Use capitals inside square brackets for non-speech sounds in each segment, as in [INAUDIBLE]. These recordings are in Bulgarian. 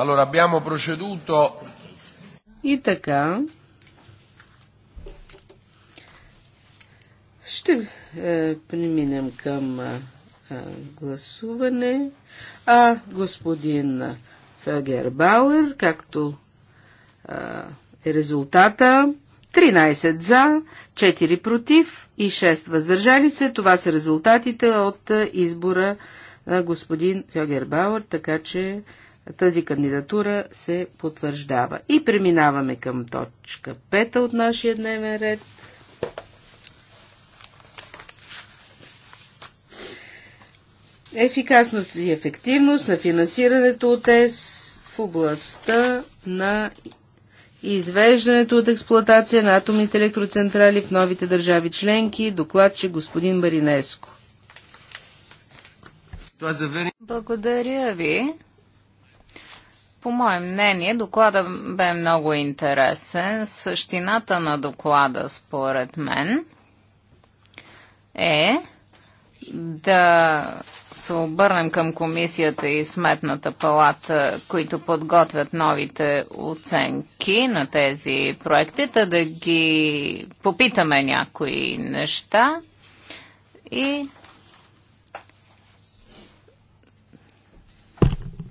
Allora abbiamo proceduto. И така. Ще е, преминем към е, е гласуване. А господин Бауер, както е, е резултата, 13 за, 4 против и 6 въздържали се. Това са резултатите от е, избора на господин Фьогербауер, така че тази кандидатура се потвърждава. И преминаваме към точка 5 от нашия дневен ред. Ефикасност и ефективност на финансирането от ЕС в областта на извеждането от експлоатация на атомните електроцентрали в новите държави членки, докладче господин Баринеско. Е Благодаря ви. По мое мнение, доклада бе много интересен. Същината на доклада, според мен, е да се обърнем към комисията и сметната палата, които подготвят новите оценки на тези проекти, да ги попитаме някои неща и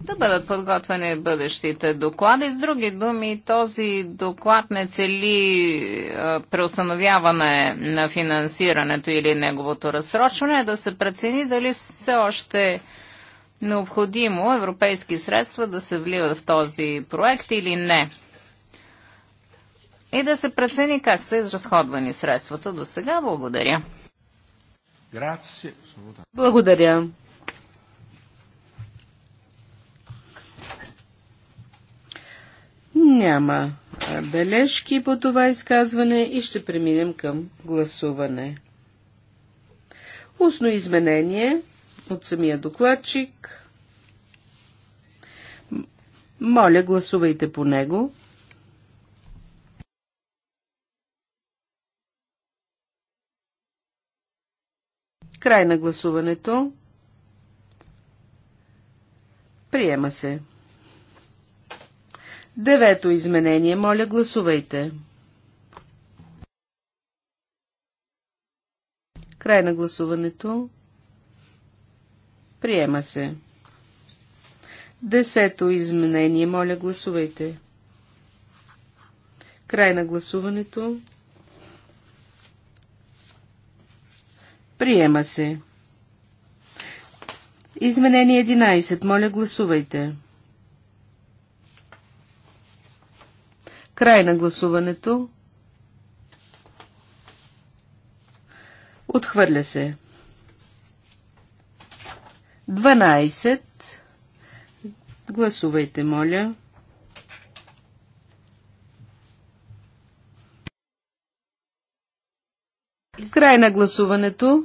да бъдат подготвени бъдещите доклади. С други думи, този доклад не цели преустановяване на финансирането или неговото разсрочване, а да се прецени дали все още е необходимо европейски средства да се вливат в този проект или не. И да се прецени как са изразходвани средствата до сега. Благодаря. Благодаря. Няма бележки по това изказване и ще преминем към гласуване. Устно изменение от самия докладчик. Моля, гласувайте по него. Край на гласуването. Приема се. Девето изменение. Моля, гласувайте. Край на гласуването. Приема се. Десето изменение. Моля, гласувайте. Край на гласуването. Приема се. Изменение 11. Моля, гласувайте. Край на гласуването. Отхвърля се. 12. Гласувайте, моля. Край на гласуването.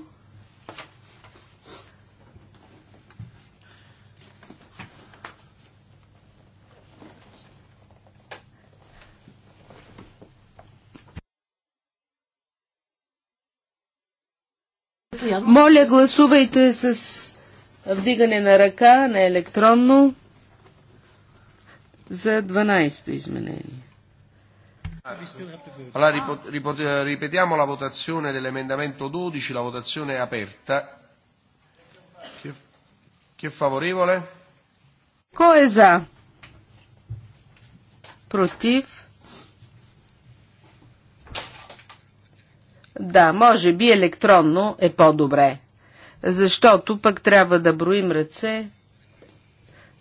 Моля, гласувайте с вдигане на ръка, на електронно, за 12-то изменение. Allora ripetiamo la votazione dell'emendamento 12, la votazione è aperta. Chi è favorevole? Кой е за? Против? Да, може би електронно е по-добре. Защото пък трябва да броим ръце.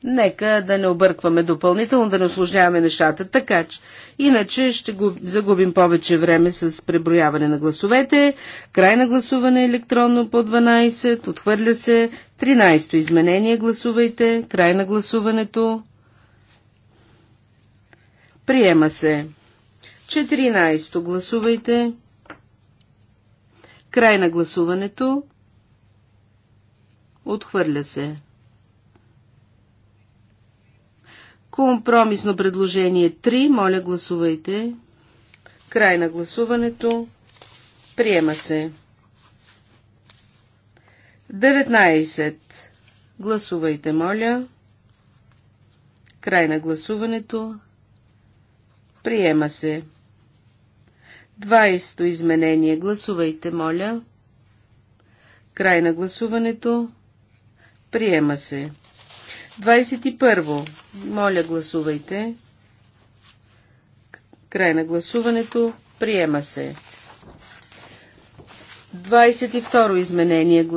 Нека да не объркваме допълнително, да не осложняваме нещата, така че. Иначе ще го загубим повече време с преброяване на гласовете. Край на гласуване електронно по 12, отхвърля се. 13-то изменение гласувайте. Край на гласуването. Приема се. 14-то гласувайте. Край на гласуването. Отхвърля се. Компромисно предложение 3. Моля, гласувайте. Край на гласуването. Приема се. 19. Гласувайте, моля. Край на гласуването. Приема се. 20-то изменение. Гласувайте, моля. Край на гласуването. Приема се. 21. Моля, гласувайте. Край на гласуването. Приема се. 22 изменение.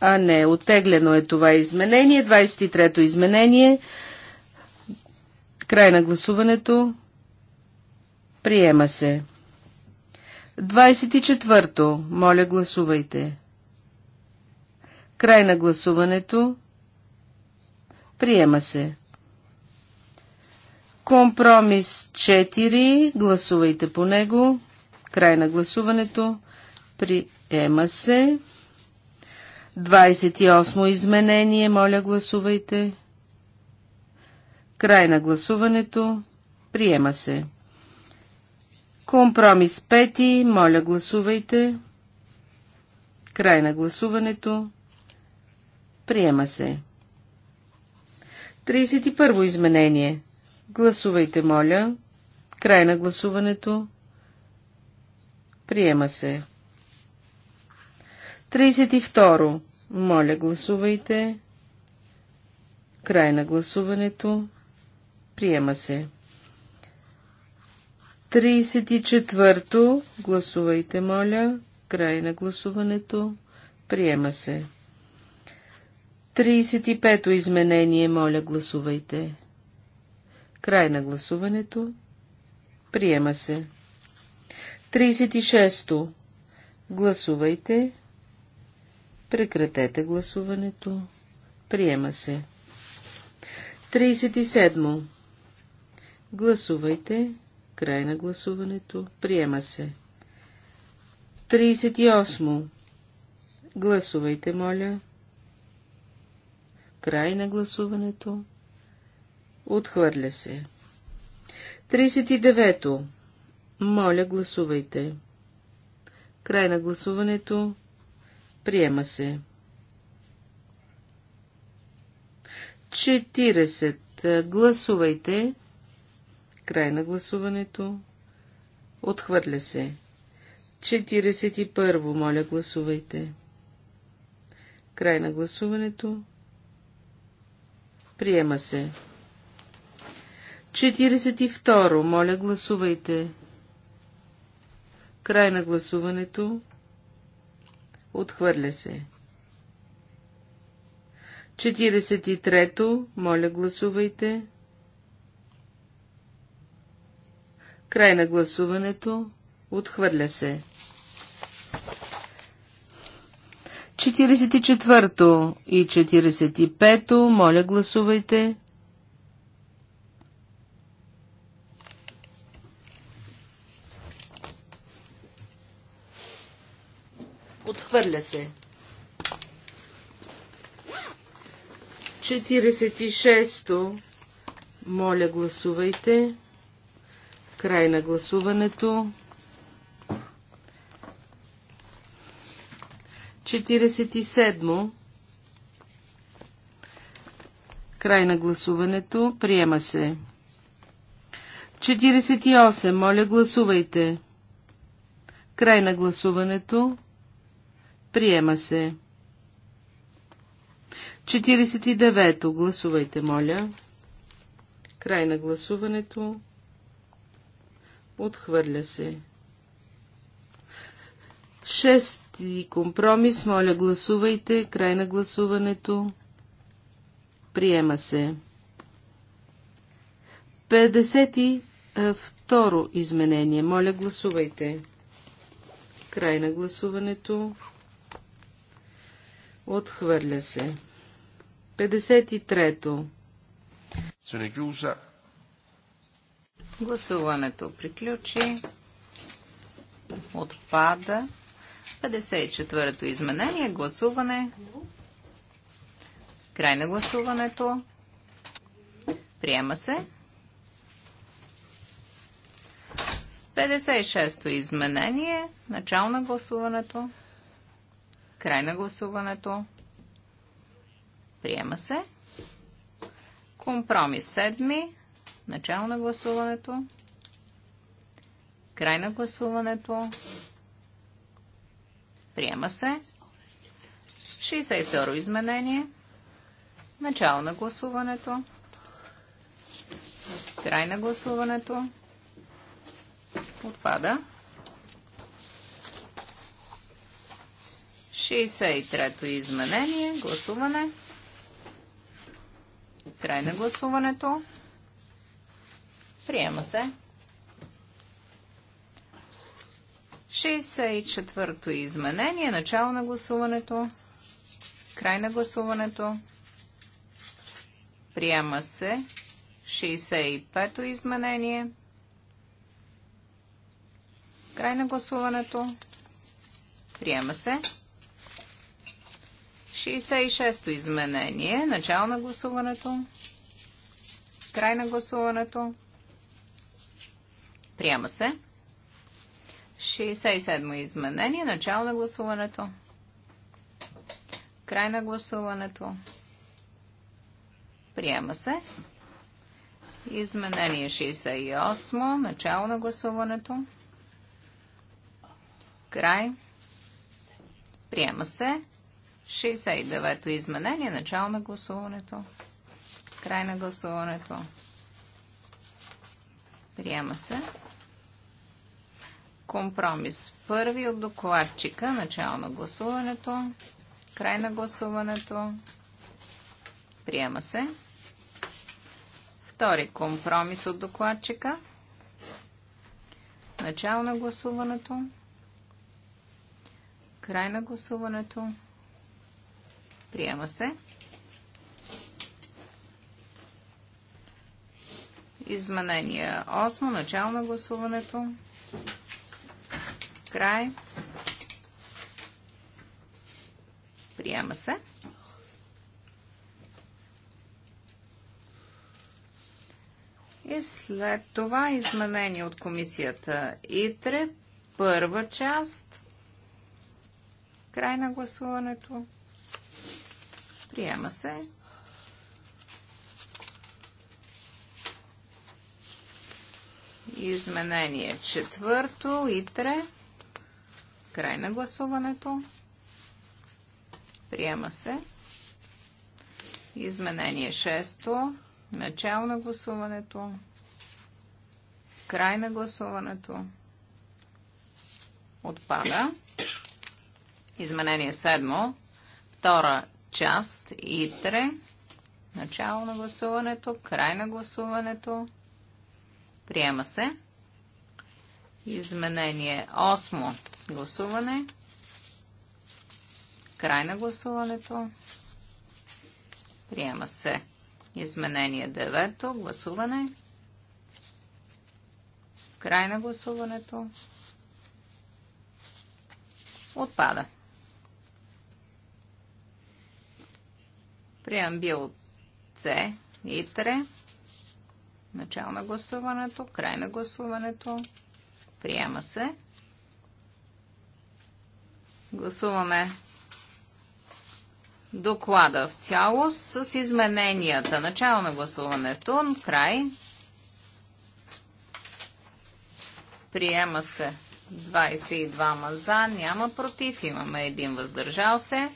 А не, отеглено е това изменение. 23-то изменение. Край на гласуването. Приема се. 24-то. Моля, гласувайте. Край на гласуването. Приема се. Компромис 4. Гласувайте по него. Край на гласуването. Приема се. 28 изменение. Моля, гласувайте. Край на гласуването. Приема се. Компромис пети. Моля, гласувайте. Край на гласуването. Приема се. 31 во изменение. Гласувайте, моля. Край на гласуването. Приема се. 32. Моля, гласувайте. Край на гласуването. Приема се. 34-то. Гласувайте, моля. Край на гласуването. Приема се. 35-то изменение. Моля, гласувайте. Край на гласуването. Приема се. 36-то. Гласувайте. Прекратете гласуването. Приема се. 37. Гласувайте. Край на гласуването. Приема се. 38. Гласувайте, моля. Край на гласуването. Отхвърля се. 39. Моля, гласувайте. Край на гласуването. Приема се. 40. Гласувайте. Край на гласуването. Отхвърля се. 41. Моля, гласувайте. Край на гласуването. Приема се. 42. Моля, гласувайте. Край на гласуването. Отхвърля се. 43. Моля, гласувайте. Край на гласуването. Отхвърля се. 44 то и 45. то Моля, гласувайте. Отхвърля се. 46. то Моля, гласувайте. Край на гласуването. 47. Край на гласуването. Приема се. 48. Моля, гласувайте. Край на гласуването. Приема се. 49. Гласувайте, моля. Край на гласуването. Отхвърля се. Шести компромис. Моля, гласувайте. Край на гласуването. Приема се. 52 е, изменение. Моля, гласувайте. Край на гласуването. Отхвърля се. 53-то. Се Гласуването приключи. Отпада. 54-то изменение. Гласуване. Край на гласуването. Приема се. 56-то изменение. Начало на гласуването. Край на гласуването. Приема се. Компромис 7. Начало на гласуването. Край на гласуването. Приема се. 62 изменение. Начало на гласуването. Край на гласуването. Отпада. 63-то изменение. Гласуване. Край на гласуването. Приема се. 64-то изменение. Начало на гласуването. Край на гласуването. Приема се. 65-то изменение. Край на гласуването. Приема се. 66-то изменение. Начало на гласуването. Край на гласуването. Приема се. 67 изменение. Начало на гласуването. Край на гласуването. Приема се. Изменение 68. Начало на гласуването. Край. Приема се. 69-то изменение. Начало на гласуването. Край на гласуването. Приема се. Компромис. Първи от докладчика. Начало на гласуването. Край на гласуването. Приема се. Втори компромис от докладчика. Начало на гласуването. Край на гласуването. Приема се. Изменение 8. Начало на гласуването. Край. Приема се. И след това изменение от комисията ИТРЕ, първа част, край на гласуването, приема се. Изменение четвърто, ИТРЕ, Край на гласуването. Приема се. Изменение 6. Начало на гласуването. Край на гласуването. Отпада. Изменение 7. Втора част. Итре. Начало на гласуването. Край на гласуването. Приема се. Изменение 8 Гласуване. Край на гласуването. Приема се. Изменение 9. Гласуване. Край на гласуването. Отпада. бил С. Итре. Начало на гласуването. Край на гласуването. Приема се. Гласуваме доклада в цялост с измененията. Начало на гласуването, край. Приема се 22 маза, няма против, имаме един въздържал се.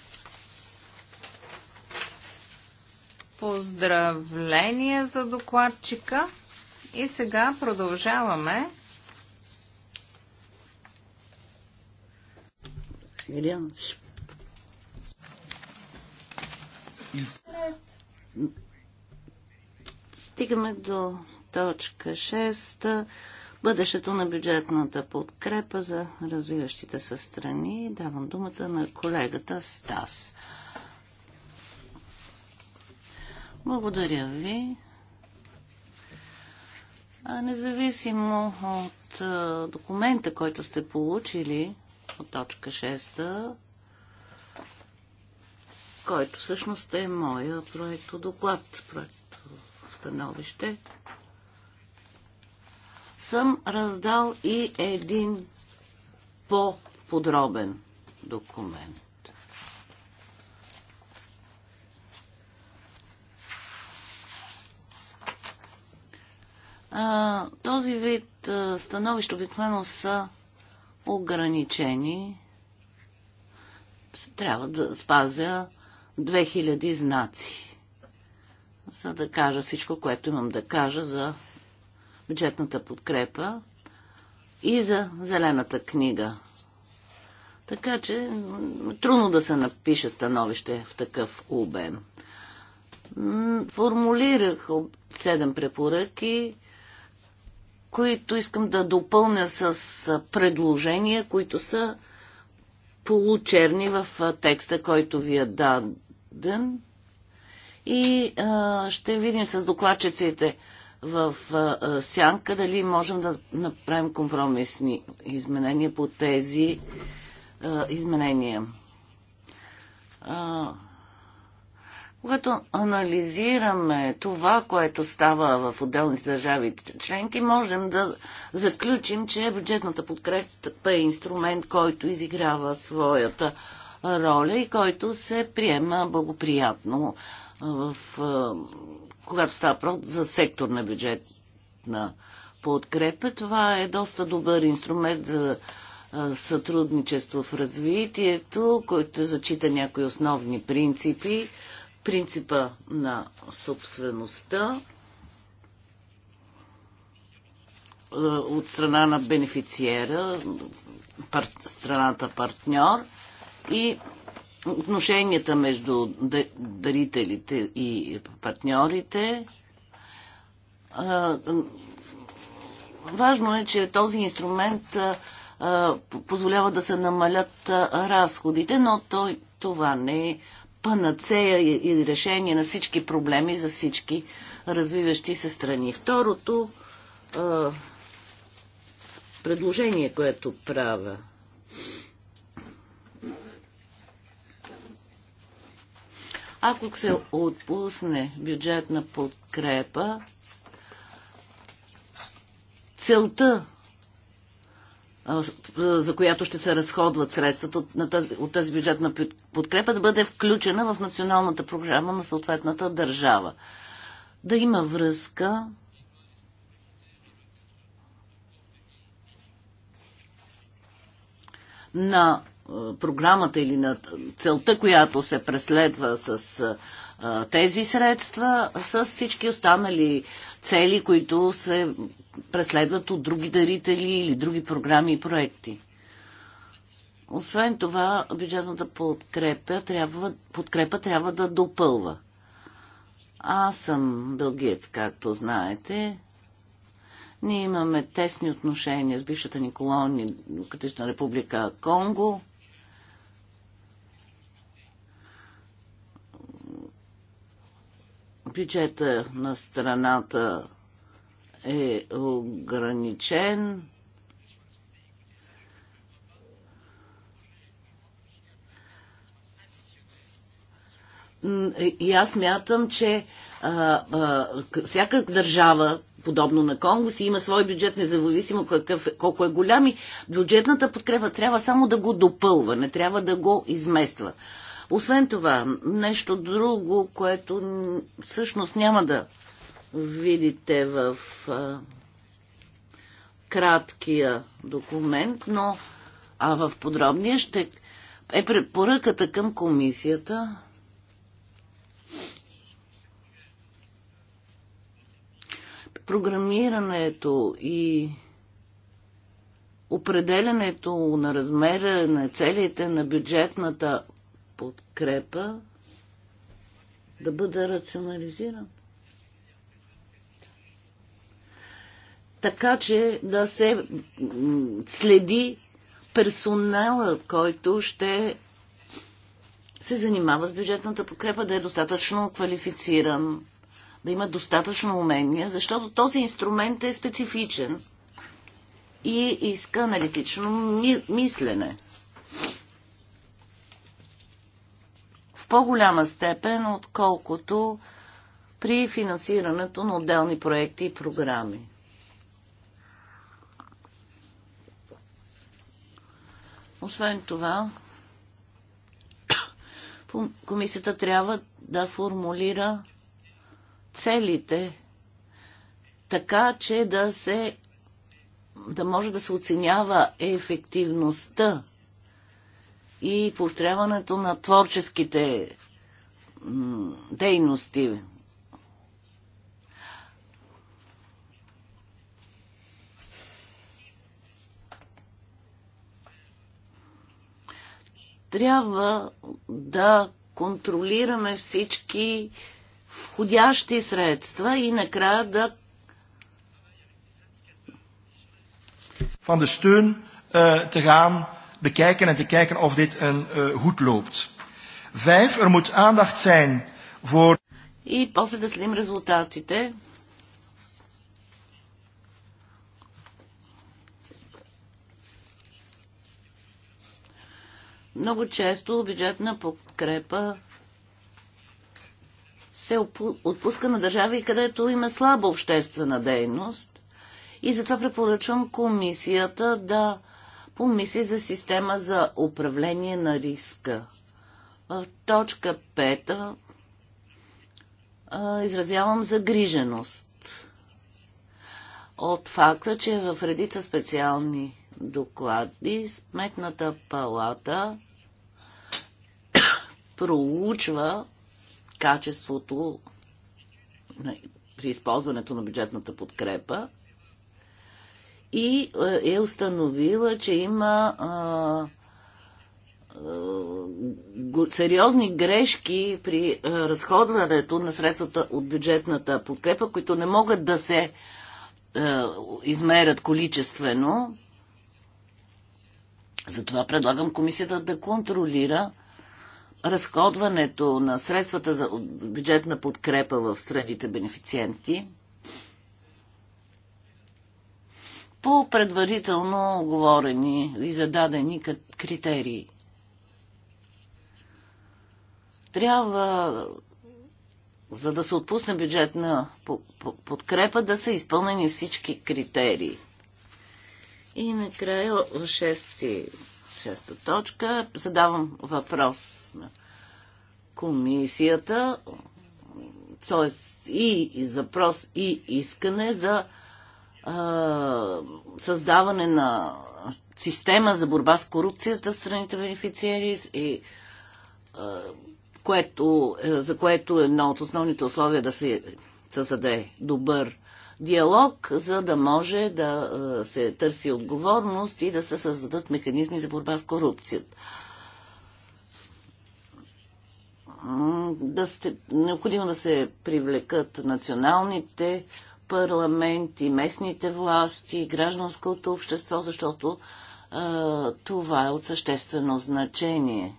Поздравление за докладчика. И сега продължаваме Извинявам Стигаме до точка 6. Бъдещето на бюджетната подкрепа за развиващите се страни. Давам думата на колегата Стас. Благодаря ви. А независимо от документа, който сте получили, по точка 6, който всъщност е моя проекто доклад, проекто становище. Съм раздал и един по-подробен документ. този вид становище обикновено са ограничени. Трябва да спазя 2000 знаци, за да кажа всичко, което имам да кажа за бюджетната подкрепа и за зелената книга. Така че трудно да се напише становище в такъв обем. Формулирах седем препоръки които искам да допълня с предложения, които са получерни в текста, който ви е даден. И а, ще видим с докладчиците в а, сянка дали можем да направим компромисни изменения по тези а, изменения. А, когато анализираме това, което става в отделните държави членки, можем да заключим, че бюджетната подкрепа е инструмент, който изиграва своята роля и който се приема благоприятно, в, когато става прод за сектор на бюджетна подкрепа. Това е доста добър инструмент за сътрудничество в развитието, който зачита някои основни принципи принципа на собствеността е, от страна на бенефициера, страната партньор и отношенията между дарителите и партньорите. Е, важно е, че този инструмент е, позволява да се намалят разходите, но той, това не е панацея и решение на всички проблеми за всички развиващи се страни. Второто а, предложение, което правя. Ако се отпусне бюджетна подкрепа, целта за която ще се разходват средствата от тази, от тази бюджетна подкрепа, да бъде включена в националната програма на съответната държава. Да има връзка на програмата или на целта, която се преследва с тези средства с всички останали цели, които се преследват от други дарители или други програми и проекти. Освен това, бюджетната подкрепа трябва, подкрепа трябва да допълва. Аз съм бългиец, както знаете. Ние имаме тесни отношения с бившата ни колония Демократична република Конго. бюджета на страната е ограничен. И аз мятам, че а, а, всяка държава, подобно на Конго, си има свой бюджет, независимо какъв, е, колко е голям и бюджетната подкрепа трябва само да го допълва, не трябва да го измества. Освен това, нещо друго, което всъщност няма да видите в а, краткия документ, но а в подробния ще е препоръката към комисията програмирането и определенето на размера на целите на бюджетната подкрепа да бъде рационализиран. Така че да се следи персонала, който ще се занимава с бюджетната подкрепа, да е достатъчно квалифициран, да има достатъчно умения, защото този инструмент е специфичен и иска аналитично мислене. по-голяма степен, отколкото при финансирането на отделни проекти и програми. Освен това, комисията трябва да формулира целите, така че да се да може да се оценява ефективността и поощряването на творческите дейности. Трябва да контролираме всички входящи средства и накрая да van de steun uh, te gaan bekijken en te kijken of dit een, uh, goed loopt. Vijf, er moet aandacht zijn voor. И de slim resultaten. Hè? Много често бюджетна подкрепа се отпуска на държави, където има слаба обществена дейност. И затова препоръчвам комисията да помисли за система за управление на риска. В точка 5 изразявам загриженост от факта, че в редица специални доклади Сметната палата [COUGHS] проучва качеството при използването на бюджетната подкрепа и е, е установила, че има сериозни грешки при разходването на средствата от бюджетната подкрепа, които не могат да се измерят количествено. Затова предлагам комисията да контролира разходването на средствата за бюджетна подкрепа в страните бенефициенти по предварително оговорени и зададени критерии. Трябва, за да се отпусне бюджетна подкрепа, да са изпълнени всички критерии. И накрая, шести, шеста точка, задавам въпрос на комисията, т.е. и въпрос и искане за създаване на система за борба с корупцията в страните бенефициери и което, е, за което едно от основните условия е да се създаде добър диалог, за да може да се търси отговорност и да се създадат механизми за борба с корупцията. Да сте, необходимо да се привлекат националните парламент и местните власти, и гражданското общество, защото а, това е от съществено значение.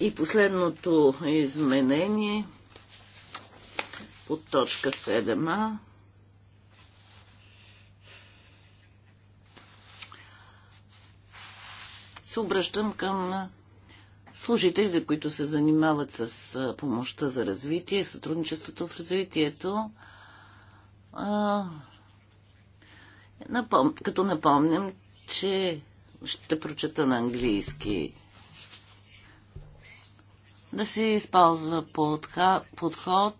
И последното изменение от точка 7а. Се обръщам към служителите, които се занимават с помощта за развитие, сътрудничеството в развитието, като напомням, че ще прочета на английски да се използва подход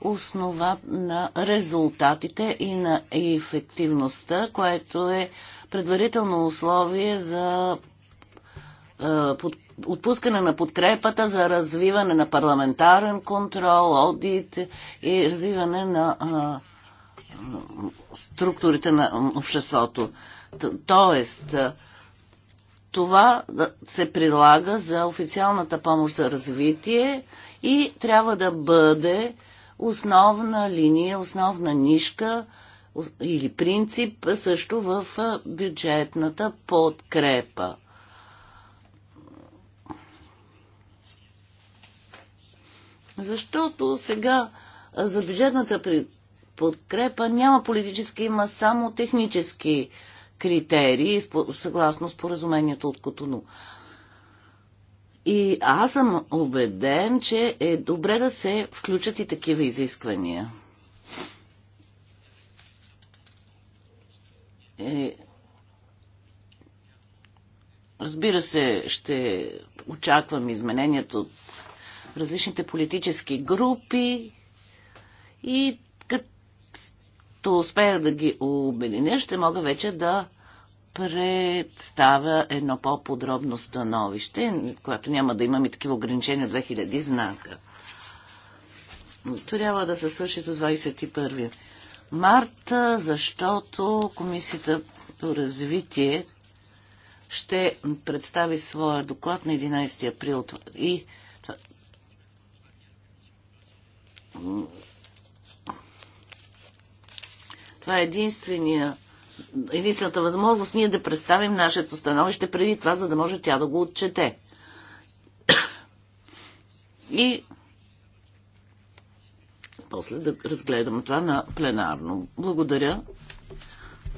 основат на резултатите и на ефективността, което е предварително условие за под отпускане на подкрепата за развиване на парламентарен контрол, аудит и развиване на а, структурите на обществото. Тоест, това се прилага за официалната помощ за развитие и трябва да бъде основна линия, основна нишка или принцип също в бюджетната подкрепа. Защото сега за бюджетната подкрепа няма политически, има само технически критерии, съгласно споразумението от Котону. И аз съм убеден, че е добре да се включат и такива изисквания. Е, разбира се, ще очаквам изменението от различните политически групи и като успея да ги обединя, ще мога вече да представя едно по-подробно становище, което няма да имаме такива ограничения 2000 знака. Трябва да се свърши до 21 марта, защото Комисията по развитие ще представи своя доклад на 11 април и Това е единствения, единствената възможност ние да представим нашето становище преди това, за да може тя да го отчете. И после да разгледам това на пленарно. Благодаря.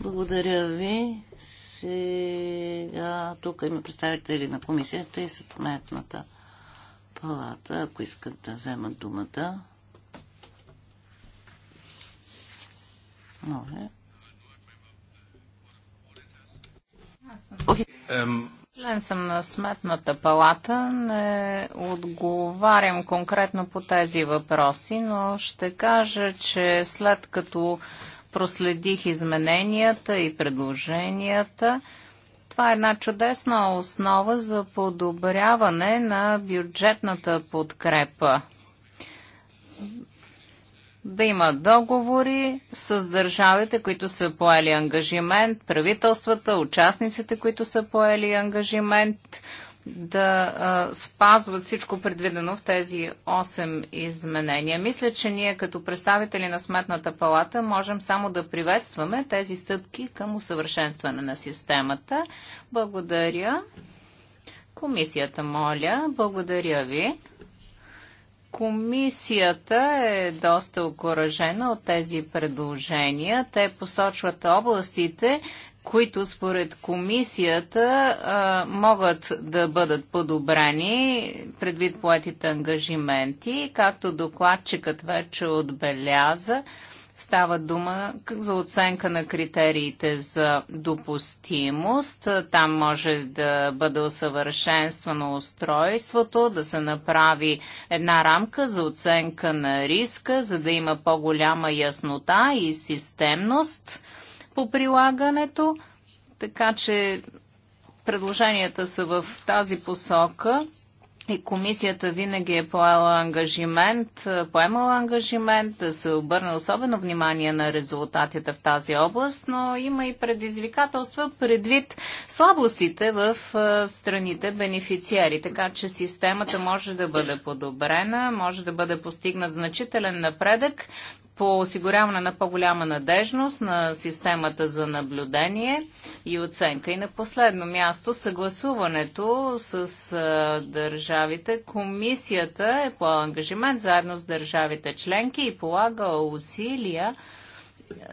Благодаря ви. Сега тук има представители на комисията и със сметната палата, ако искат да вземат думата. Може. Член съм на Сметната палата. Не отговарям конкретно по тези въпроси, но ще кажа, че след като проследих измененията и предложенията, това е една чудесна основа за подобряване на бюджетната подкрепа да има договори с държавите, които са поели ангажимент, правителствата, участниците, които са поели ангажимент, да а, спазват всичко предвидено в тези 8 изменения. Мисля, че ние като представители на Сметната палата можем само да приветстваме тези стъпки към усъвършенстване на системата. Благодаря. Комисията, моля, благодаря ви. Комисията е доста окоръжена от тези предложения. Те посочват областите, които според комисията а, могат да бъдат подобрени предвид поетите ангажименти, както докладчикът вече отбеляза. Става дума за оценка на критериите за допустимост. Там може да бъде усъвършенствано устройството, да се направи една рамка за оценка на риска, за да има по-голяма яснота и системност по прилагането. Така че предложенията са в тази посока. И комисията винаги е поела ангажимент, е, поемала ангажимент да се обърне особено внимание на резултатите в тази област, но има и предизвикателства предвид слабостите в е, страните бенефициери. така че системата може да бъде подобрена, може да бъде постигнат значителен напредък, по осигуряване на по-голяма надежност на системата за наблюдение и оценка. И на последно място съгласуването с а, държавите. Комисията е по ангажимент заедно с държавите членки и полага усилия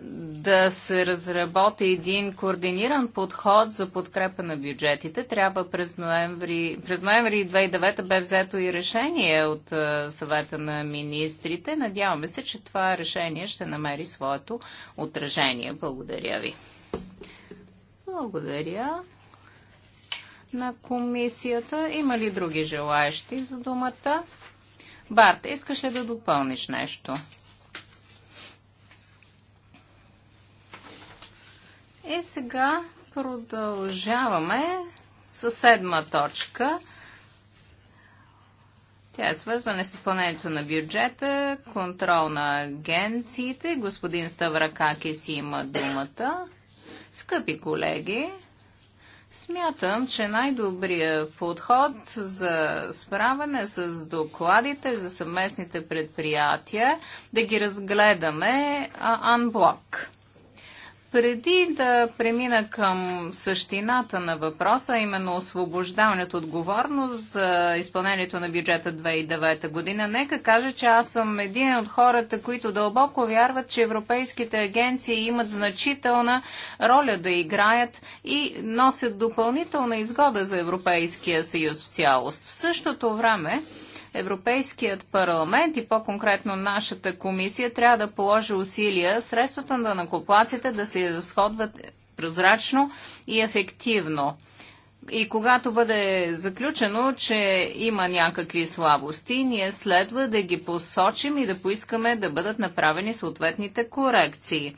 да се разработи един координиран подход за подкрепа на бюджетите. Трябва през ноември, през ноември 2009 бе взето и решение от съвета на министрите. Надяваме се, че това решение ще намери своето отражение. Благодаря ви. Благодаря на комисията. Има ли други желаящи за думата? Барта, искаш ли да допълниш нещо? И сега продължаваме със седма точка. Тя е свързана с изпълнението на бюджета, контрол на агенциите. Господин Ставракаки си има думата. Скъпи колеги, смятам, че най-добрият подход за справяне с докладите за съвместните предприятия е да ги разгледаме анблок. Преди да премина към същината на въпроса, именно освобождаването отговорност за изпълнението на бюджета 2009 година, нека кажа, че аз съм един от хората, които дълбоко вярват, че европейските агенции имат значителна роля да играят и носят допълнителна изгода за Европейския съюз в цялост. В същото време, Европейският парламент и по-конкретно нашата комисия трябва да положи усилия средствата на накоплаците да се изразходват прозрачно и ефективно. И когато бъде заключено, че има някакви слабости, ние следва да ги посочим и да поискаме да бъдат направени съответните корекции.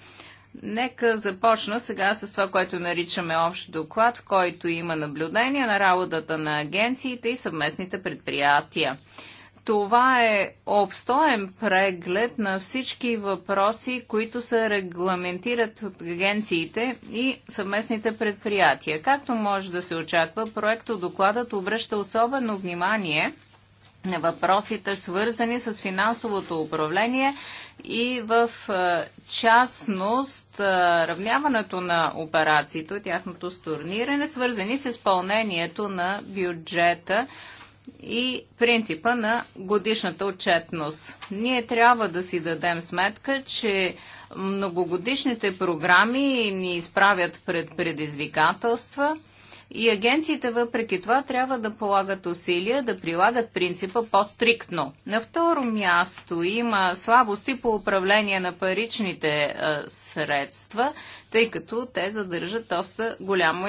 Нека започна сега с това, което наричаме общ доклад, в който има наблюдение на работата на агенциите и съвместните предприятия. Това е обстоен преглед на всички въпроси, които се регламентират от агенциите и съвместните предприятия. Както може да се очаква, проектодокладът докладът обръща особено внимание – на въпросите, свързани с финансовото управление и в е, частност е, равняването на операциите, тяхното сторниране, свързани с изпълнението на бюджета и принципа на годишната отчетност. Ние трябва да си дадем сметка, че многогодишните програми ни изправят пред предизвикателства – и агенциите, въпреки това, трябва да полагат усилия да прилагат принципа по-стриктно. На второ място има слабости по управление на паричните а, е, средства, тъй като те задържат доста голямо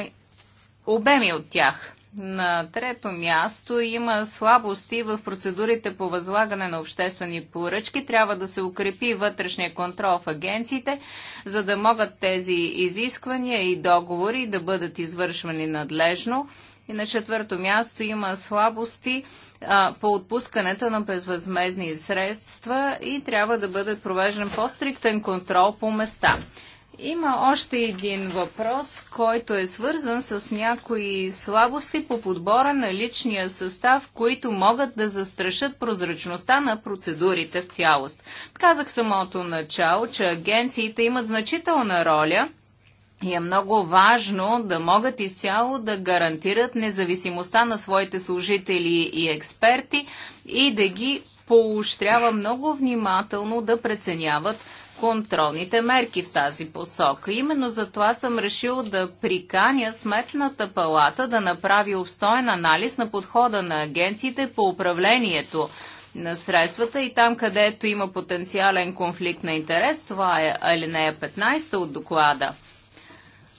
обеми от тях. На трето място има слабости в процедурите по възлагане на обществени поръчки. Трябва да се укрепи вътрешния контрол в агенциите, за да могат тези изисквания и договори да бъдат извършвани надлежно. И на четвърто място има слабости а, по отпускането на безвъзмезни средства и трябва да бъде провеждан по-стриктен контрол по места. Има още един въпрос, който е свързан с някои слабости по подбора на личния състав, които могат да застрашат прозрачността на процедурите в цялост. Казах самото начало, че агенциите имат значителна роля и е много важно да могат изцяло да гарантират независимостта на своите служители и експерти и да ги поощрява много внимателно да преценяват контролните мерки в тази посока. Именно за това съм решил да приканя Сметната палата да направи обстоен анализ на подхода на агенциите по управлението на средствата и там, където има потенциален конфликт на интерес, това е алинея 15 от доклада –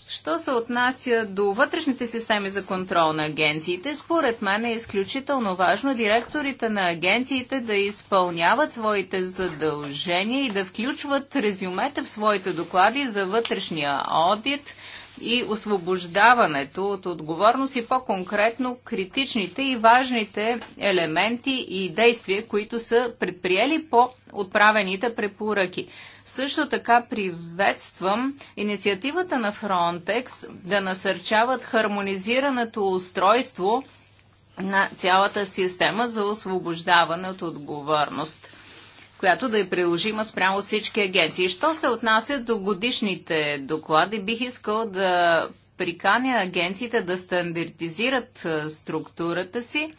Що се отнася до вътрешните системи за контрол на агенциите, според мен е изключително важно директорите на агенциите да изпълняват своите задължения и да включват резюмета в своите доклади за вътрешния одит, и освобождаването от отговорност и по-конкретно критичните и важните елементи и действия, които са предприели по отправените препоръки. Също така приветствам инициативата на Frontex да насърчават хармонизираното устройство на цялата система за освобождаване от отговорност която да е приложима спрямо всички агенции. Що се отнася до годишните доклади, бих искал да приканя агенциите да стандартизират структурата си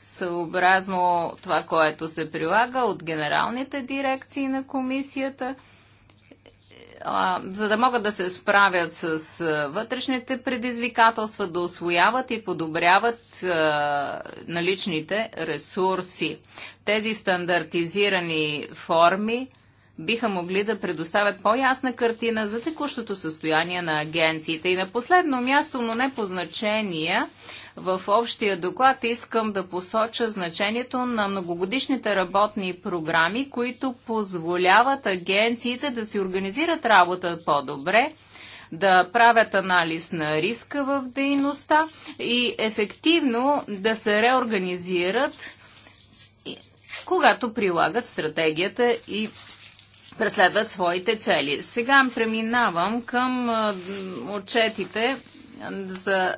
съобразно това, което се прилага от генералните дирекции на комисията – за да могат да се справят с вътрешните предизвикателства, да освояват и подобряват наличните ресурси. Тези стандартизирани форми биха могли да предоставят по-ясна картина за текущото състояние на агенциите. И на последно място, но не по значение, в общия доклад искам да посоча значението на многогодишните работни програми, които позволяват агенциите да си организират работа по-добре, да правят анализ на риска в дейността и ефективно да се реорганизират, когато прилагат стратегията и преследват своите цели. Сега преминавам към отчетите за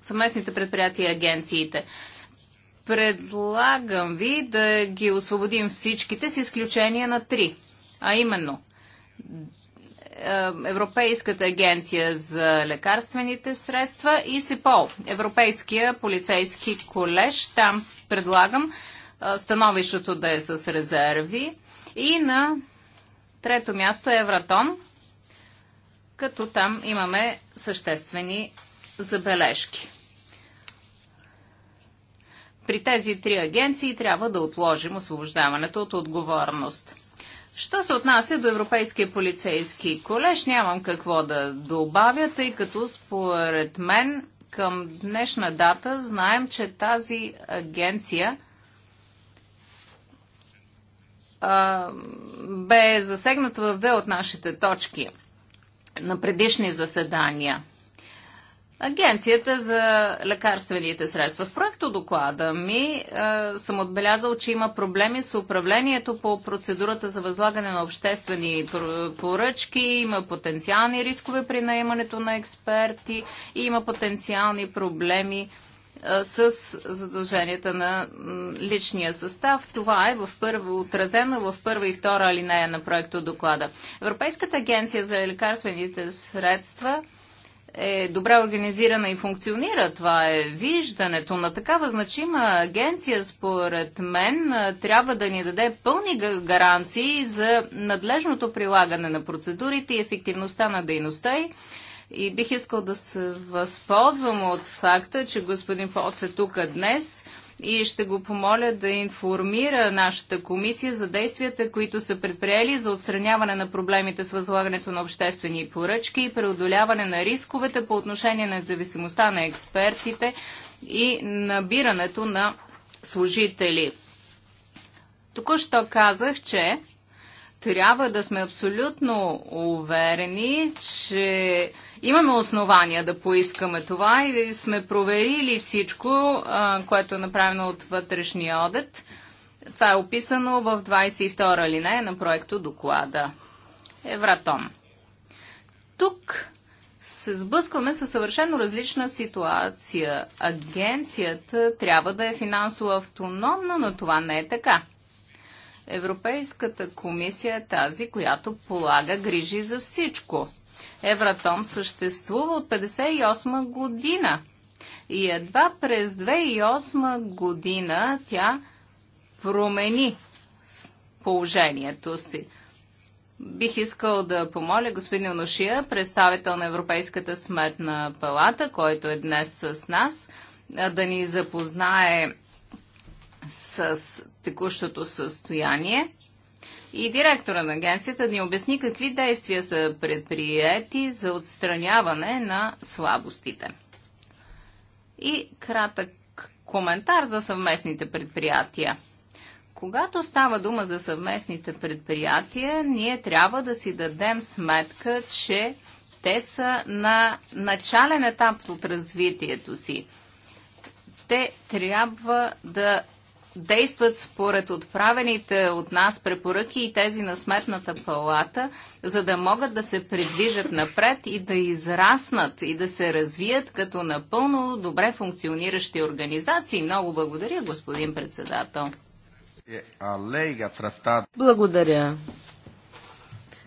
съместните предприятия и агенциите. Предлагам ви да ги освободим всичките с изключение на три, а именно Европейската агенция за лекарствените средства и СИПОЛ, Европейския полицейски колеж. Там предлагам становището да е с резерви и на Трето място е Евратон, като там имаме съществени забележки. При тези три агенции трябва да отложим освобождаването от отговорност. Що се отнася до Европейския полицейски колеж, нямам какво да добавя, тъй като според мен към днешна дата знаем, че тази агенция – бе засегнат в две от нашите точки на предишни заседания. Агенцията за лекарствените средства. В проекто доклада ми е, съм отбелязал, че има проблеми с управлението по процедурата за възлагане на обществени поръчки, има потенциални рискове при наемането на експерти и има потенциални проблеми с задълженията на личния състав. Това е в първо, отразено в първа и втора алинея на проекта доклада. Европейската агенция за лекарствените средства е добре организирана и функционира. Това е виждането на такава значима агенция, според мен, трябва да ни даде пълни гаранции за надлежното прилагане на процедурите и ефективността на дейността й и бих искал да се възползвам от факта, че господин Фолц е тук днес и ще го помоля да информира нашата комисия за действията, които са предприели за отстраняване на проблемите с възлагането на обществени поръчки и преодоляване на рисковете по отношение на независимостта на експертите и набирането на служители. Току-що казах, че трябва да сме абсолютно уверени, че имаме основания да поискаме това и сме проверили всичко, което е направено от вътрешния одет. Това е описано в 22 линия на проекто доклада. Евратом. Тук се сблъскваме със съвършено различна ситуация. Агенцията трябва да е финансово автономна, но това не е така. Европейската комисия е тази, която полага грижи за всичко. Евратом съществува от 1958 година и едва през 2008 година тя промени положението си. Бих искал да помоля господин Онушия, представител на Европейската сметна палата, който е днес с нас, да ни запознае с текущото състояние. И директора на агенцията ни обясни какви действия са предприяти за отстраняване на слабостите. И кратък коментар за съвместните предприятия. Когато става дума за съвместните предприятия, ние трябва да си дадем сметка, че те са на начален етап от развитието си. Те трябва да действат според отправените от нас препоръки и тези на Сметната палата, за да могат да се придвижат напред и да израснат и да се развият като напълно добре функциониращи организации. Много благодаря, господин председател. Е, благодаря.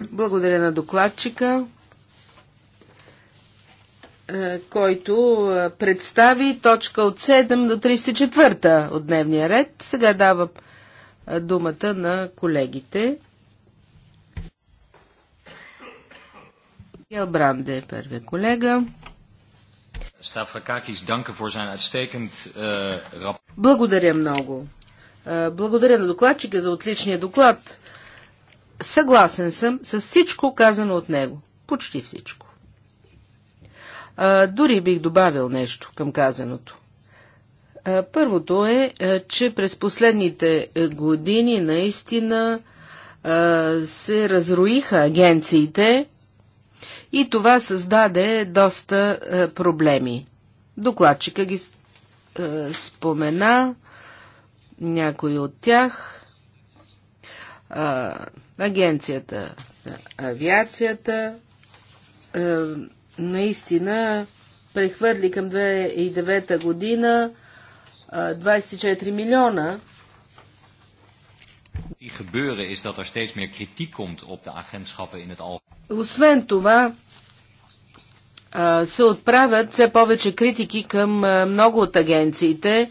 Благодаря на докладчика. Е, който е, представи точка от 7 до 34 от дневния ред. Сега дава е, думата на колегите. Гел Бранде е първият колега. Благодаря много. Благодаря на докладчика за отличния доклад. Съгласен съм с всичко казано от него. Почти всичко. А, дори бих добавил нещо към казаното. А, първото е, а, че през последните е, години наистина а, се разруиха агенциите и това създаде доста а, проблеми. Докладчика ги а, спомена, някои от тях. А, агенцията на авиацията, наистина прехвърли към 2009 година 24 милиона. Освен това, се отправят все повече критики към много от агенциите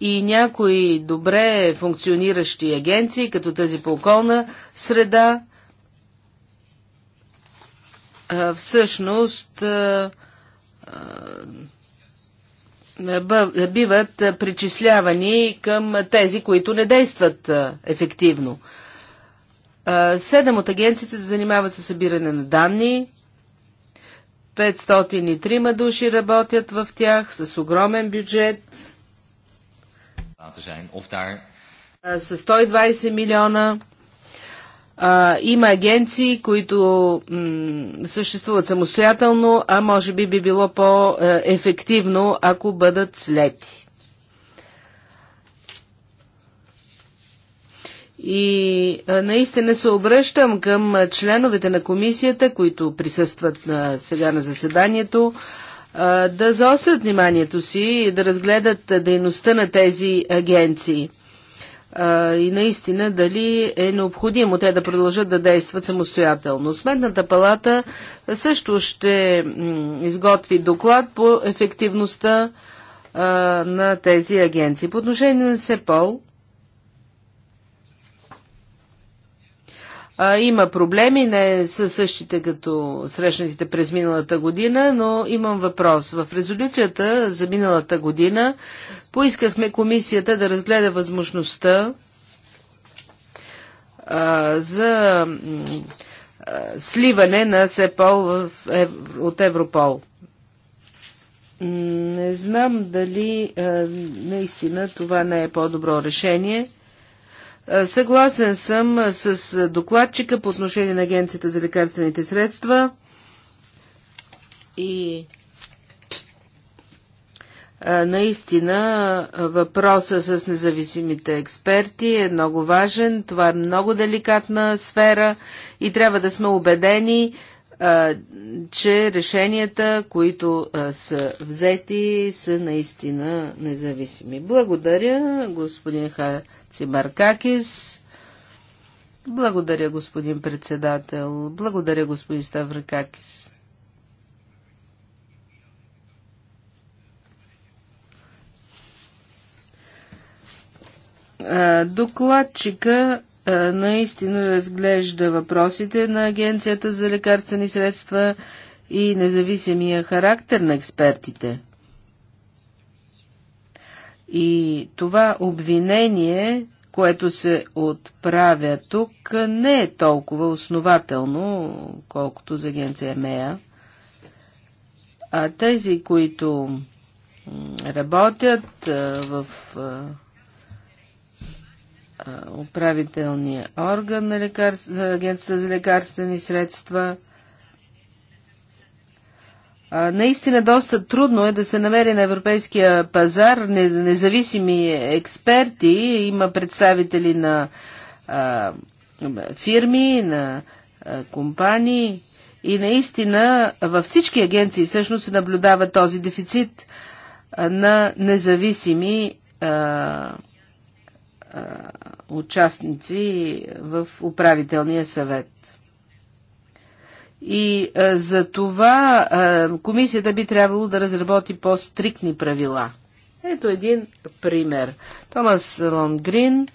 и някои добре функциониращи агенции, като тази по околна среда, всъщност биват причислявани към тези, които не действат ефективно. Седем от агенциите се занимават с събиране на данни. 503 души работят в тях с огромен бюджет. С 120 милиона а, има агенции, които съществуват самостоятелно, а може би би било по-ефективно, ако бъдат слети. И наистина се обръщам към членовете на комисията, които присъстват на, сега на заседанието, да заострят вниманието си и да разгледат дейността на тези агенции и наистина дали е необходимо те да продължат да действат самостоятелно. Сметната палата също ще изготви доклад по ефективността а, на тези агенции. По отношение на СЕПОЛ а, има проблеми, не са същите като срещнатите през миналата година, но имам въпрос. В резолюцията за миналата година Поискахме комисията да разгледа възможността а, за а, сливане на СЕПОЛ в, от Европол. Не знам дали а, наистина това не е по-добро решение. Съгласен съм с докладчика по отношение на Агенцията за лекарствените средства и е, наистина е, въпроса с независимите експерти е много важен. Това е много деликатна сфера и трябва да сме убедени, е, че решенията, които са взети, са наистина независими. Благодаря, господин Хацибаркакис. Благодаря, господин председател. Благодаря, господин Ставракакис. Докладчика наистина разглежда въпросите на Агенцията за лекарствени средства и независимия характер на експертите. И това обвинение, което се отправя тук, не е толкова основателно, колкото за агенция МЕА. А тези, които работят в управителния орган на лекарства, Агенцията за лекарствени средства. Наистина доста трудно е да се намери на европейския пазар независими експерти. Има представители на фирми, на компании и наистина във всички агенции всъщност се наблюдава този дефицит на независими експерти участници в управителния съвет. И а, за това а, комисията би трябвало да разработи по-стрикни правила. Ето един пример. Томас Лонгрин,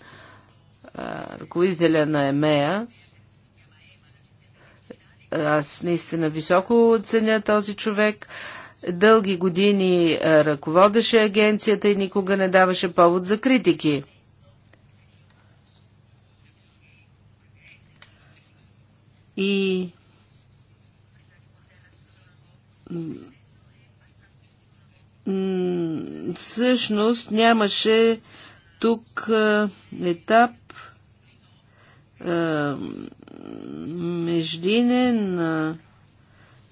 ръководителя на ЕМЕА, аз наистина високо оценя този човек. Дълги години ръководеше агенцията и никога не даваше повод за критики. и всъщност нямаше тук етап междинен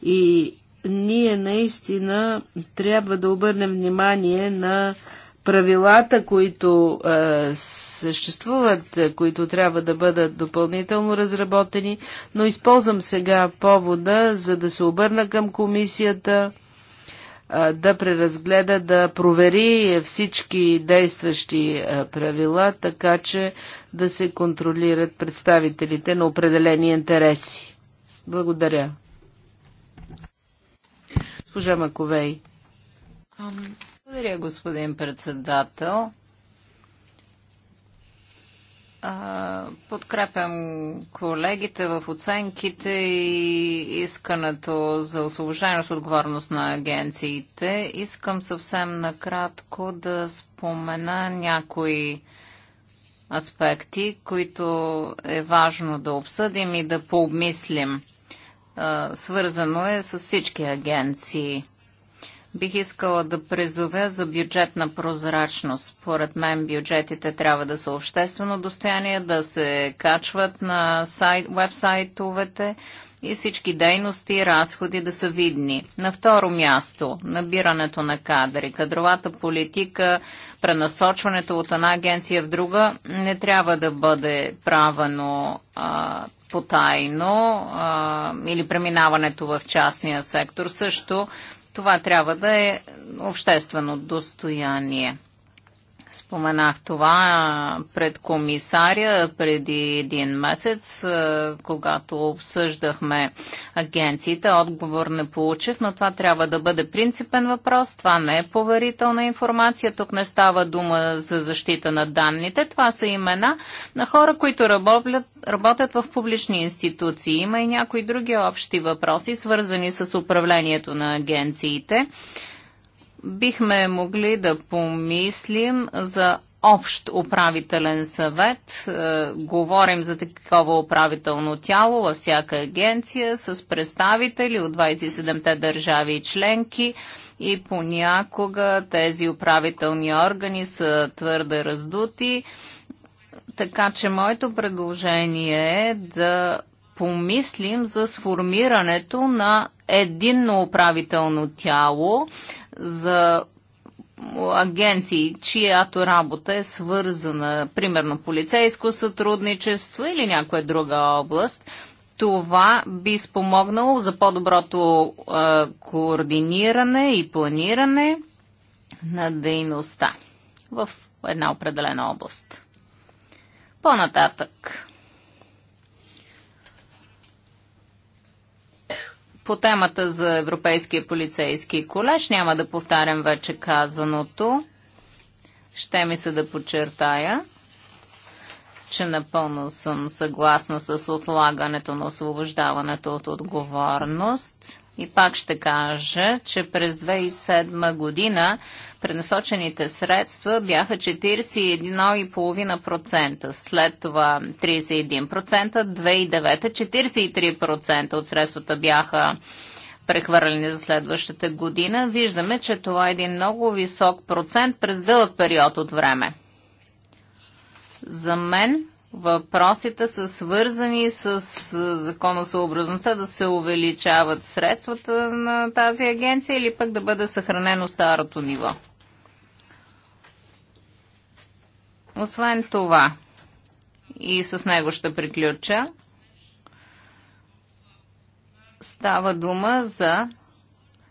и ние наистина трябва да обърнем внимание на правилата, които е, съществуват, е, които трябва да бъдат допълнително разработени, но използвам сега повода, за да се обърна към комисията е, да преразгледа, да провери всички действащи е, правила, така че да се контролират представителите на определени интереси. Благодаря. Служа Маковей. Благодаря, господин председател. Подкрепям колегите в оценките и искането за освобождение от отговорност на агенциите. Искам съвсем накратко да спомена някои аспекти, които е важно да обсъдим и да пообмислим. Свързано е с всички агенции. Бих искала да призове за бюджетна прозрачност. Според мен бюджетите трябва да са обществено достояние, да се качват на сайт, вебсайтовете и всички дейности и разходи да са видни. На второ място, набирането на кадри, кадровата политика, пренасочването от една агенция в друга не трябва да бъде правено а, потайно а, или преминаването в частния сектор също това трябва да е обществено достояние. Споменах това пред комисаря преди един месец, когато обсъждахме агенциите. Отговор не получих, но това трябва да бъде принципен въпрос. Това не е поверителна информация. Тук не става дума за защита на данните. Това са имена на хора, които работят, работят в публични институции. Има и някои други общи въпроси, свързани с управлението на агенциите бихме могли да помислим за общ управителен съвет. Е, говорим за такова управително тяло във всяка агенция с представители от 27-те държави и членки и понякога тези управителни органи са твърде раздути. Така че моето предложение е да помислим за сформирането на единно управително тяло, за агенции, чиято работа е свързана, примерно полицейско сътрудничество или някоя друга област, това би спомогнало за по-доброто координиране и планиране на дейността в една определена област. По-нататък, по темата за Европейския полицейски колеж. Няма да повтарям вече казаното. Ще ми се да подчертая, че напълно съм съгласна с отлагането на освобождаването от отговорност и пак ще кажа, че през 2007 година пренасочените средства бяха 41,5%, след това 31%, 2009 43% от средствата бяха прехвърлени за следващата година. Виждаме, че това е един много висок процент през дълъг период от време. За мен въпросите са свързани с законосъобразността да се увеличават средствата на тази агенция или пък да бъде съхранено старото ниво. Освен това, и с него ще приключа, става дума за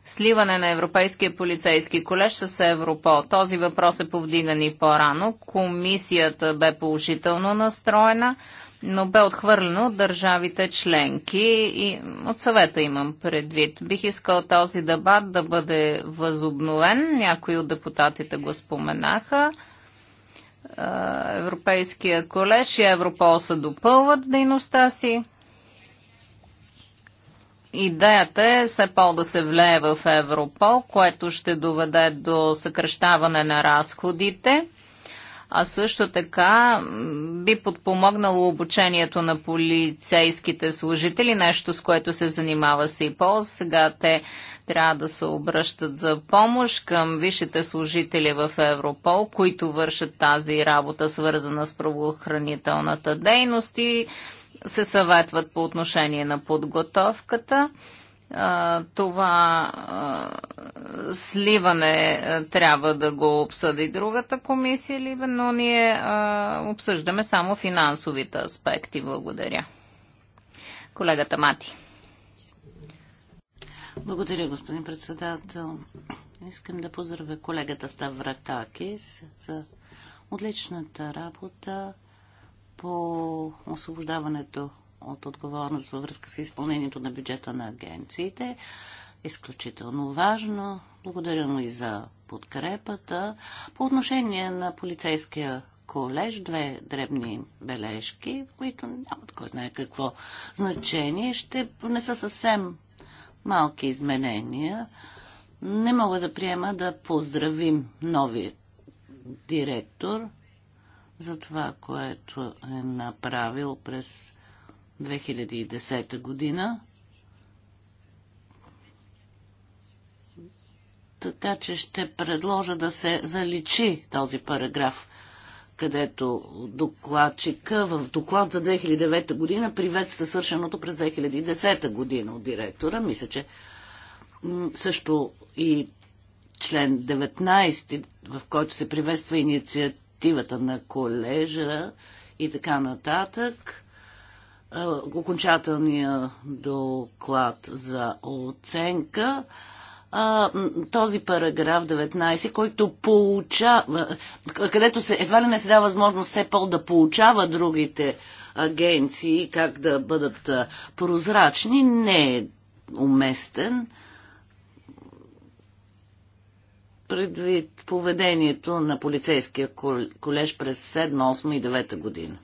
сливане на Европейския полицейски колеж с Европол. Този въпрос е повдиган и по-рано. Комисията бе положително настроена, но бе отхвърлено от държавите членки и от съвета имам предвид. Бих искал този дебат да бъде възобновен. Някои от депутатите го споменаха. Европейския колеж и Европол се допълват дейността си. Идеята е по да се влее в Европол, което ще доведе до съкръщаване на разходите, а също така би подпомогнало обучението на полицейските служители, нещо с което се занимава СЕПОЛ. Сега те трябва да се обръщат за помощ към висшите служители в Европол, които вършат тази работа, свързана с правоохранителната дейност и се съветват по отношение на подготовката. Това сливане трябва да го обсъди другата комисия, но ние обсъждаме само финансовите аспекти. Благодаря. Колегата Мати. Благодаря, господин председател. Искам да поздравя колегата Ставракакис за отличната работа по освобождаването от отговорност във връзка с изпълнението на бюджета на агенциите. Изключително важно. Благодаря му и за подкрепата. По отношение на полицейския колеж, две дребни бележки, които нямат кой знае какво значение, ще понеса съвсем малки изменения. Не мога да приема да поздравим новия директор, за това, което е направил през 2010 година. Така че ще предложа да се заличи този параграф, където докладчика в доклад за 2009 година приветства свършеното през 2010 година от директора. Мисля, че също и член 19, в който се приветства инициатива перспективата на колежа и така нататък. Окончателния доклад за оценка. Този параграф 19, който получава, където се, едва ли не се дава възможност все по да получава другите агенции, как да бъдат прозрачни, не е уместен предвид поведението на полицейския колеж през 7, 8 и 9 година.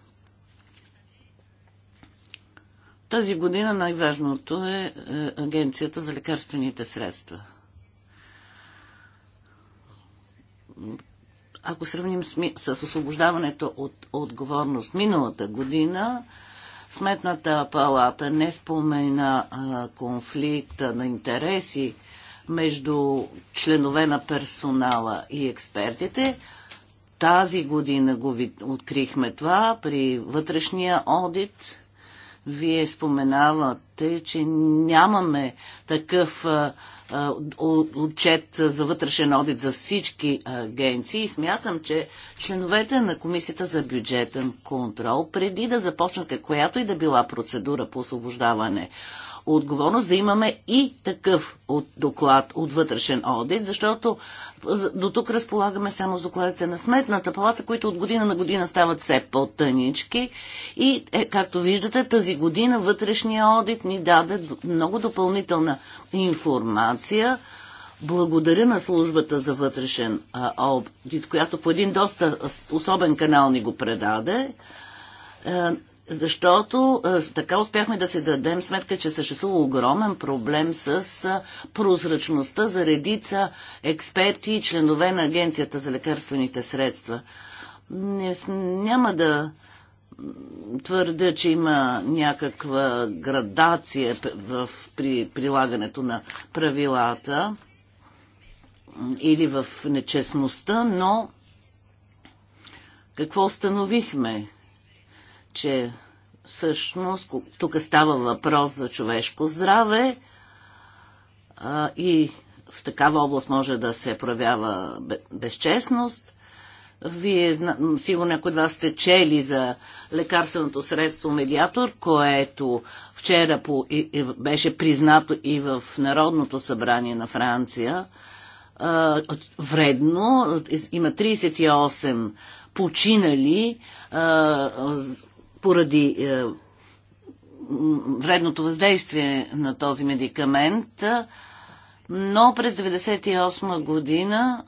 Тази година най-важното е, е Агенцията за лекарствените средства. Ако сравним с, с освобождаването от отговорност миналата година, Сметната палата не спомена а, конфликта на интереси, между членове на персонала и експертите. Тази година го открихме това при вътрешния одит. Вие споменавате, че нямаме такъв отчет за вътрешен одит за всички агенции. Смятам, че членовете на Комисията за бюджетен контрол, преди да започнат каквато и да била процедура по освобождаване отговорност да имаме и такъв от доклад от вътрешен одит, защото до тук разполагаме само с докладите на Сметната палата, които от година на година стават все по-тънички. И, е, както виждате, тази година вътрешния одит ни даде много допълнителна информация. Благодаря на службата за вътрешен а, одит, която по един доста особен канал ни го предаде. Е, защото е, така успяхме да се дадем сметка, че съществува огромен проблем с е, прозрачността за редица експерти и членове на Агенцията за лекарствените средства. Не, няма да твърдя, че има някаква градация в, при прилагането на правилата или в нечестността, но какво установихме? че всъщност тук става въпрос за човешко здраве а, и в такава област може да се проявява безчестност. Вие, сигурно някои от вас сте чели за лекарственото средство медиатор, което вчера по, и, и, беше признато и в Народното събрание на Франция. А, вредно. Има 38 починали а, поради е, вредното въздействие на този медикамент, е, но през 1998 година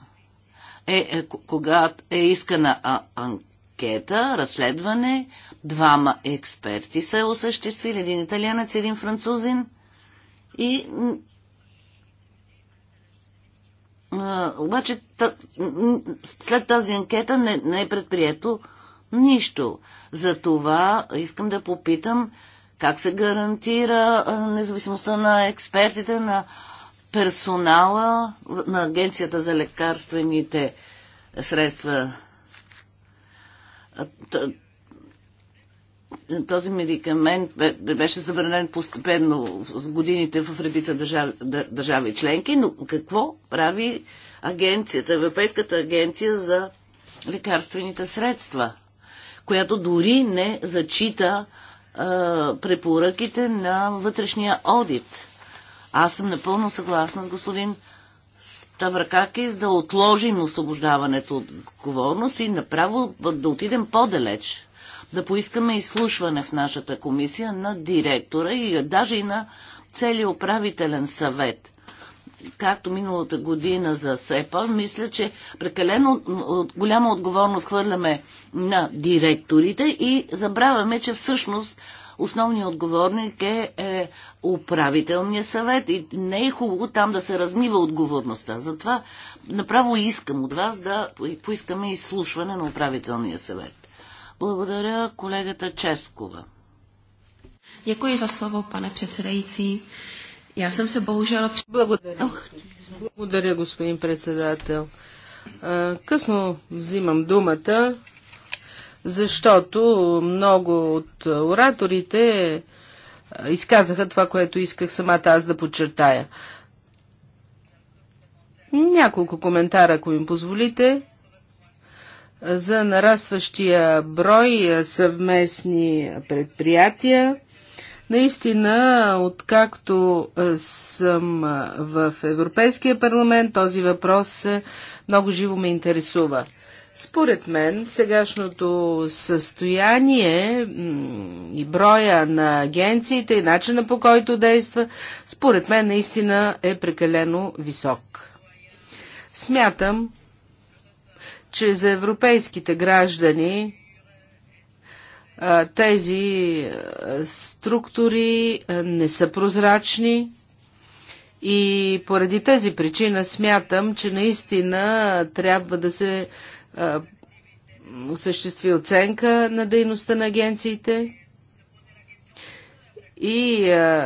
е, е, когато е искана а, анкета, разследване, двама експерти са осъществили, един италианец, един французин и а, е, обаче та, след тази анкета не, не е предприето нищо. За това искам да попитам как се гарантира независимостта на експертите, на персонала на Агенцията за лекарствените средства. Този медикамент беше забранен постепенно с годините в редица държави, държави членки, но какво прави агенцията, Европейската агенция за лекарствените средства? която дори не зачита е, препоръките на вътрешния одит. Аз съм напълно съгласна с господин Ставракакис да отложим освобождаването от отговорност и направо да отидем по-далеч. Да поискаме изслушване в нашата комисия на директора и даже и на целият управителен съвет както миналата година за СЕПА, мисля, че прекалено голяма отговорност хвърляме на директорите и забравяме, че всъщност основният отговорник е, е управителният съвет и не е хубаво там да се размива отговорността. Затова направо искам от вас да поискаме изслушване на управителния съвет. Благодаря колегата Ческова. Děkuji za slovo, pane předsedající аз съм се бължала... Благодаря. Благодаря, господин председател. Късно взимам думата, защото много от ораторите изказаха това, което исках самата аз да подчертая. Няколко коментара, ако им позволите, за нарастващия брой съвместни предприятия Наистина, откакто е, съм е, в Европейския парламент, този въпрос е, много живо ме интересува. Според мен, сегашното състояние и броя на агенциите и начина по който действа, според мен наистина е прекалено висок. Смятам, че за европейските граждани тези структури не са прозрачни и поради тази причина смятам, че наистина трябва да се осъществи оценка на дейността на агенциите и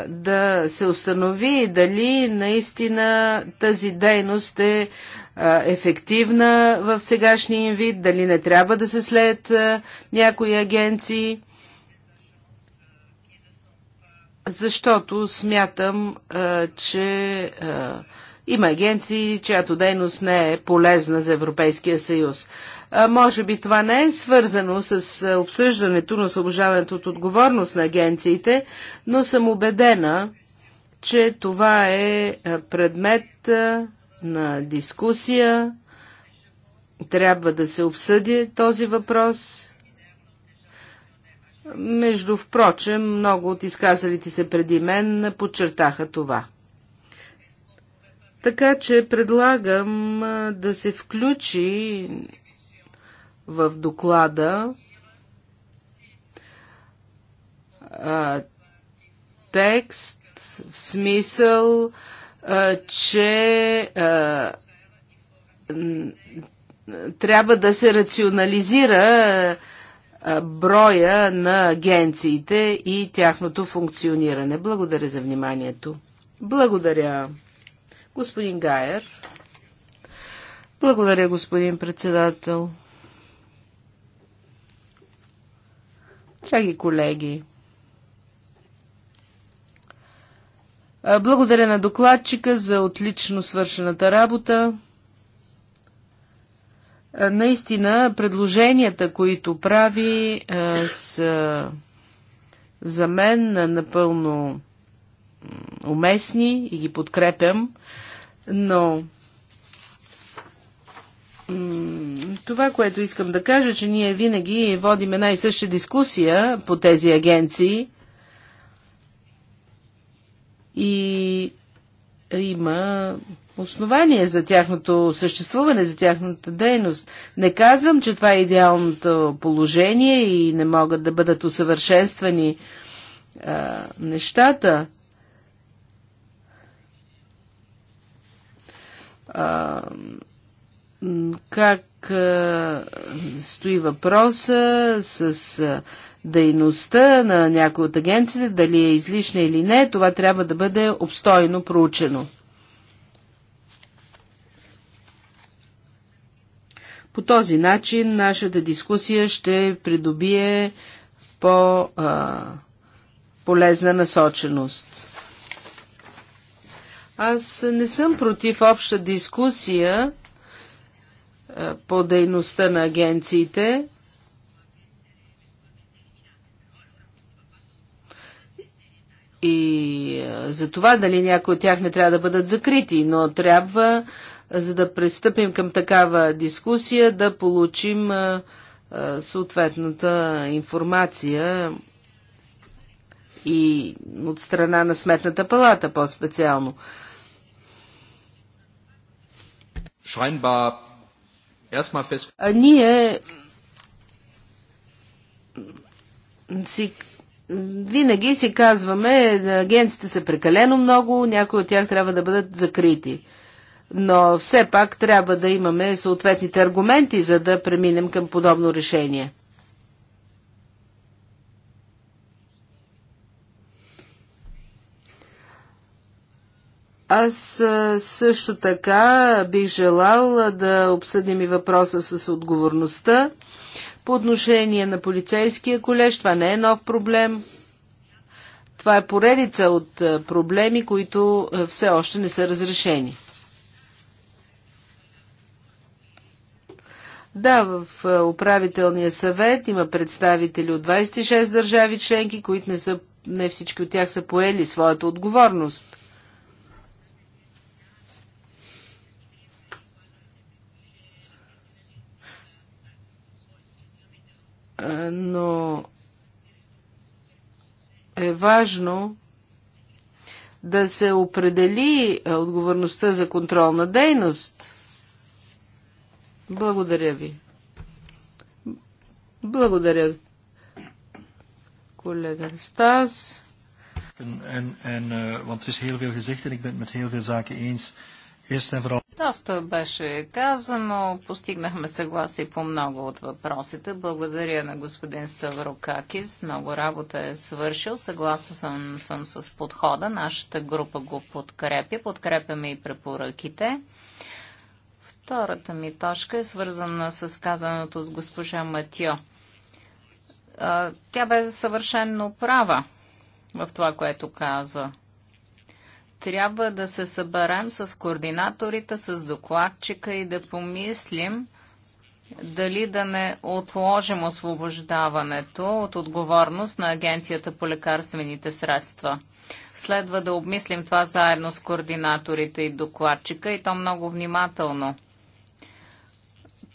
да се установи дали наистина тази дейност е ефективна в сегашния вид, дали не трябва да се след някои агенции, защото смятам, че има агенции, чиято дейност не е полезна за Европейския съюз. може би това не е свързано с обсъждането на освобождаването от отговорност на агенциите, но съм убедена, че това е предмет на дискусия. Трябва да се обсъди този въпрос. Между впрочем, много от изказалите се преди мен подчертаха това. Така че предлагам да се включи в доклада а, текст в смисъл че трябва да се рационализира броя на агенциите и тяхното функциониране. Благодаря за вниманието. Благодаря, господин Гайер. Благодаря, господин председател. Драги колеги, Благодаря на докладчика за отлично свършената работа. Наистина, предложенията, които прави, са за мен напълно уместни и ги подкрепям, но това, което искам да кажа, че ние винаги водим една и съща дискусия по тези агенции и има основание за тяхното съществуване, за тяхната дейност. Не казвам, че това е идеалното положение и не могат да бъдат усъвършенствани а, нещата. А, как а, стои въпроса с а, дейността на някои от агенциите, дали е излишна или не, това трябва да бъде обстойно проучено. По този начин нашата дискусия ще придобие по-полезна насоченост. Аз не съм против обща дискусия по дейността на агенциите, и за това дали някои от тях не трябва да бъдат закрити, но трябва, за да пристъпим към такава дискусия, да получим съответната информация и от страна на Сметната палата по-специално. А ние си винаги си казваме, агенците са прекалено много, някои от тях трябва да бъдат закрити. Но все пак трябва да имаме съответните аргументи, за да преминем към подобно решение. Аз също така бих желал да обсъдим и въпроса с отговорността. По отношение на полицейския колеж, това не е нов проблем. Това е поредица от е, проблеми, които е, все още не са разрешени. Да, в е, управителния съвет има представители от 26 държави членки, които не, са, не всички от тях са поели своята отговорност. Е, но е важно да се определи е, отговорността за контролна дейност. Благодаря ви. Благодаря, колега Стас. En, en, uh, want er is heel veel gezegd en ik ben het met heel veel zaken eens. Доста беше казано, постигнахме съгласие по много от въпросите. Благодаря на господин Ставрокакис, много работа е свършил. Съгласен съм, съм с подхода, нашата група го подкрепя, подкрепяме и препоръките. Втората ми точка е свързана с казаното от госпожа Матио. Тя бе съвършенно права в това, което каза трябва да се съберем с координаторите, с докладчика и да помислим дали да не отложим освобождаването от отговорност на Агенцията по лекарствените средства. Следва да обмислим това заедно с координаторите и докладчика и то много внимателно.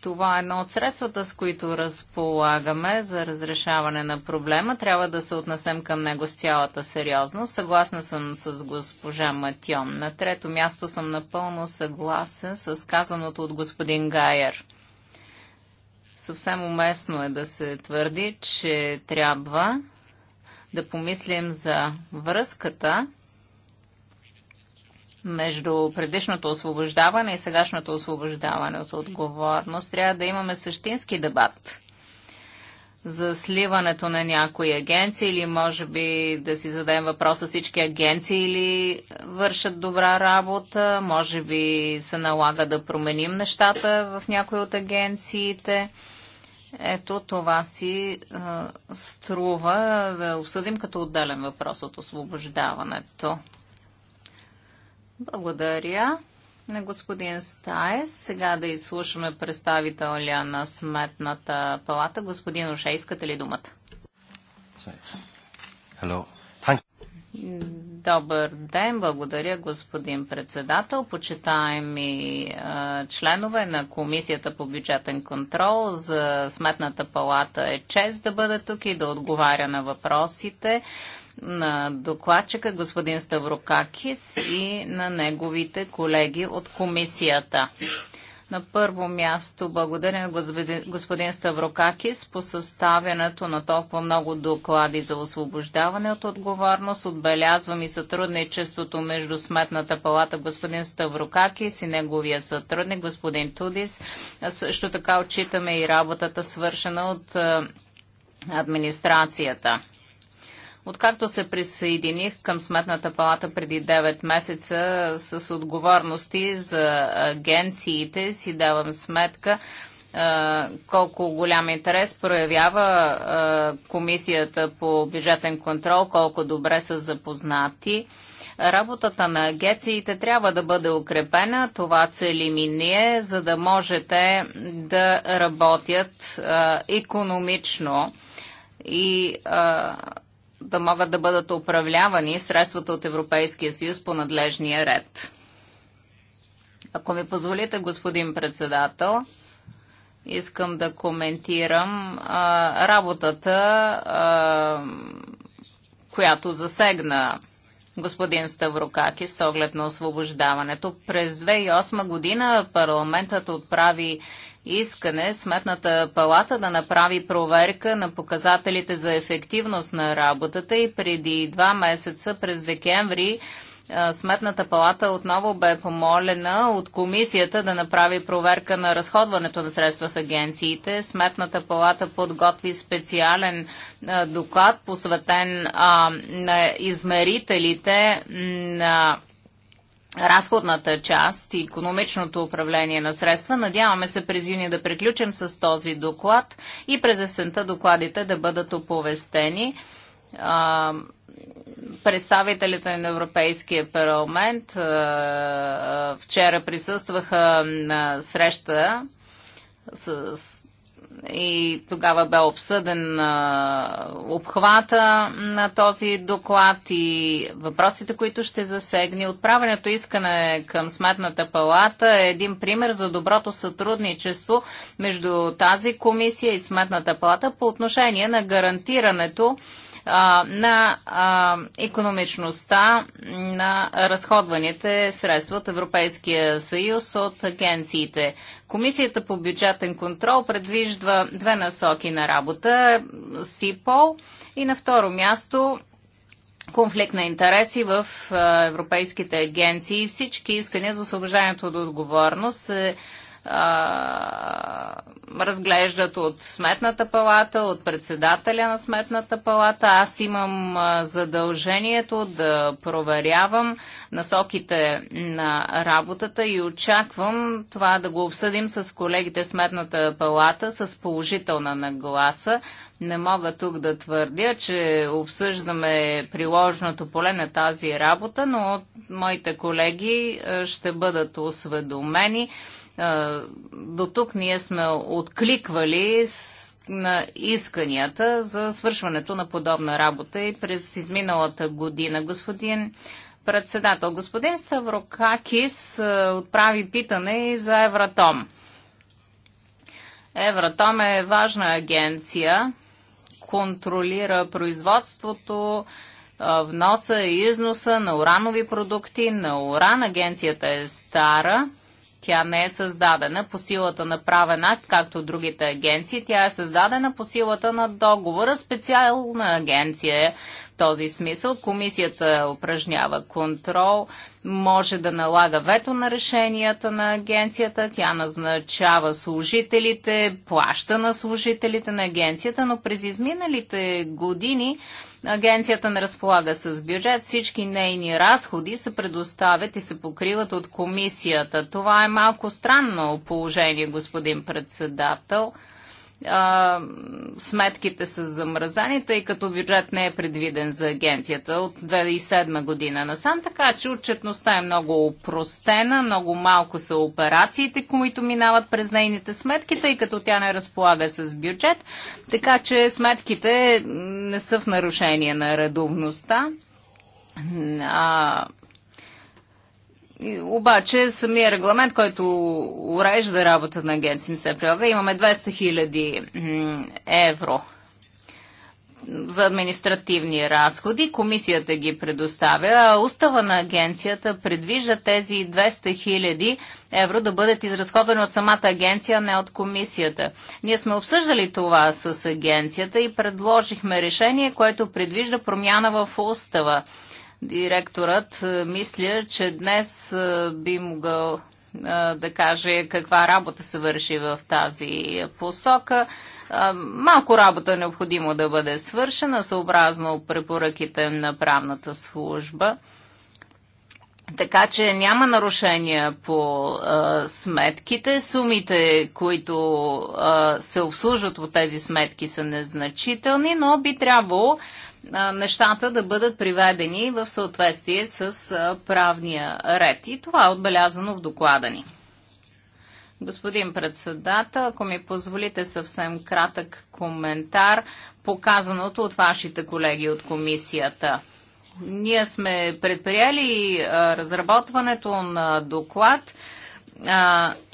Това е едно от средствата, с които разполагаме за разрешаване на проблема. Трябва да се отнесем към него с цялата сериозност. Съгласна съм с госпожа Матьон. На трето място съм напълно съгласен с казаното от господин Гайер. Съвсем уместно е да се твърди, че трябва да помислим за връзката между предишното освобождаване и сегашното освобождаване от отговорност, трябва да имаме същински дебат за сливането на някои агенции или може би да си зададем въпроса всички агенции или вършат добра работа, може би се налага да променим нещата в някои от агенциите. Ето това си а, струва да обсъдим като отделен въпрос от освобождаването. Благодаря на господин Стаес. Сега да изслушаме представителя на Сметната палата. Господин Оше, искате ли думата? Hello. Добър ден, благодаря господин председател, почитаеми е, членове на Комисията по бюджетен контрол за Сметната палата е чест да бъда тук и да отговаря на въпросите на докладчика господин Ставрокакис и на неговите колеги от комисията. На първо място благодаря господин Ставрокакис по съставянето на толкова много доклади за освобождаване от отговорност. Отбелязвам и сътрудничеството между Сметната палата господин Ставрокакис и неговия сътрудник господин Тудис. Също така отчитаме и работата свършена от е, администрацията. Откакто се присъединих към Сметната палата преди 9 месеца с отговорности за агенциите, си давам сметка, колко голям интерес проявява комисията по бюджетен контрол, колко добре са запознати. Работата на агенциите трябва да бъде укрепена, това цели ми ние, за да можете да работят економично и а, да могат да бъдат управлявани средствата от Европейския съюз по надлежния ред. Ако ми позволите, господин председател, искам да коментирам а, работата, а, която засегна господин Ставрокаки с оглед на освобождаването. През 2008 година парламентът отправи искане Сметната палата да направи проверка на показателите за ефективност на работата и преди два месеца през декември Сметната палата отново бе помолена от комисията да направи проверка на разходването на средства в агенциите. Сметната палата подготви специален доклад, посветен а, на измерителите на разходната част и економичното управление на средства. Надяваме се през юни да приключим с този доклад и през есента докладите да бъдат оповестени. представителите на Европейския парламент вчера присъстваха на среща с и тогава бе обсъден а, обхвата на този доклад и въпросите, които ще засегне. Отправенето искане към Сметната палата е един пример за доброто сътрудничество между тази комисия и Сметната палата по отношение на гарантирането на економичността на разходваните средства от Европейския съюз от агенциите. Комисията по бюджетен контрол предвижда две насоки на работа СИПОЛ и на второ място конфликт на интереси в европейските агенции. Всички искания за освобождането от отговорност се разглеждат от Сметната палата, от председателя на Сметната палата. Аз имам задължението да проверявам насоките на работата и очаквам това да го обсъдим с колегите Сметната палата с положителна нагласа. Не мога тук да твърдя, че обсъждаме приложното поле на тази работа, но моите колеги ще бъдат осведомени до тук ние сме откликвали на исканията за свършването на подобна работа и през изминалата година. Господин председател, господин Ставрокакис отправи питане и за Евратом. Евратом е важна агенция, контролира производството, вноса и износа на уранови продукти на уран. Агенцията е стара тя не е създадена по силата на правен акт, както другите агенции. Тя е създадена по силата на договора. Специална агенция е в този смисъл. Комисията упражнява контрол, може да налага вето на решенията на агенцията. Тя назначава служителите, плаща на служителите на агенцията, но през изминалите години Агенцията не разполага с бюджет, всички нейни разходи се предоставят и се покриват от комисията. Това е малко странно положение, господин председател а, сметките са замразани, тъй като бюджет не е предвиден за агенцията от 2007 година насам, така че отчетността е много упростена, много малко са операциите, които минават през нейните сметки, тъй като тя не разполага с бюджет, така че сметките не са в нарушение на редовността. А, обаче самия регламент, който урежда работа на агенция, не се прилага. Имаме 200 000 евро за административни разходи. Комисията ги предоставя. а Устава на агенцията предвижда тези 200 000 евро да бъдат изразходвани от самата агенция, а не от комисията. Ние сме обсъждали това с агенцията и предложихме решение, което предвижда промяна в устава Директорът е, мисля, че днес е, би могъл е, да каже каква работа се върши в тази посока. Малко работа е необходимо да бъде свършена, съобразно препоръките на правната служба. Така че няма нарушения по а, сметките. Сумите, които а, се обслужват от тези сметки, са незначителни, но би трябвало нещата да бъдат приведени в съответствие с правния ред. И това е отбелязано в доклада ни. Господин председател, ако ми позволите съвсем кратък коментар, показаното от вашите колеги от комисията. Ние сме предприели разработването на доклад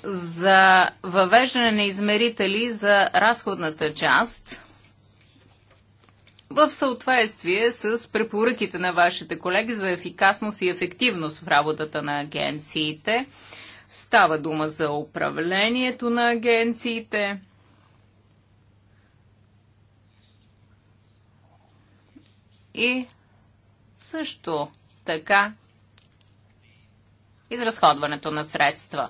за въвеждане на измерители за разходната част в съответствие с препоръките на вашите колеги за ефикасност и ефективност в работата на агенциите. Става дума за управлението на агенциите. И също така изразходването на средства.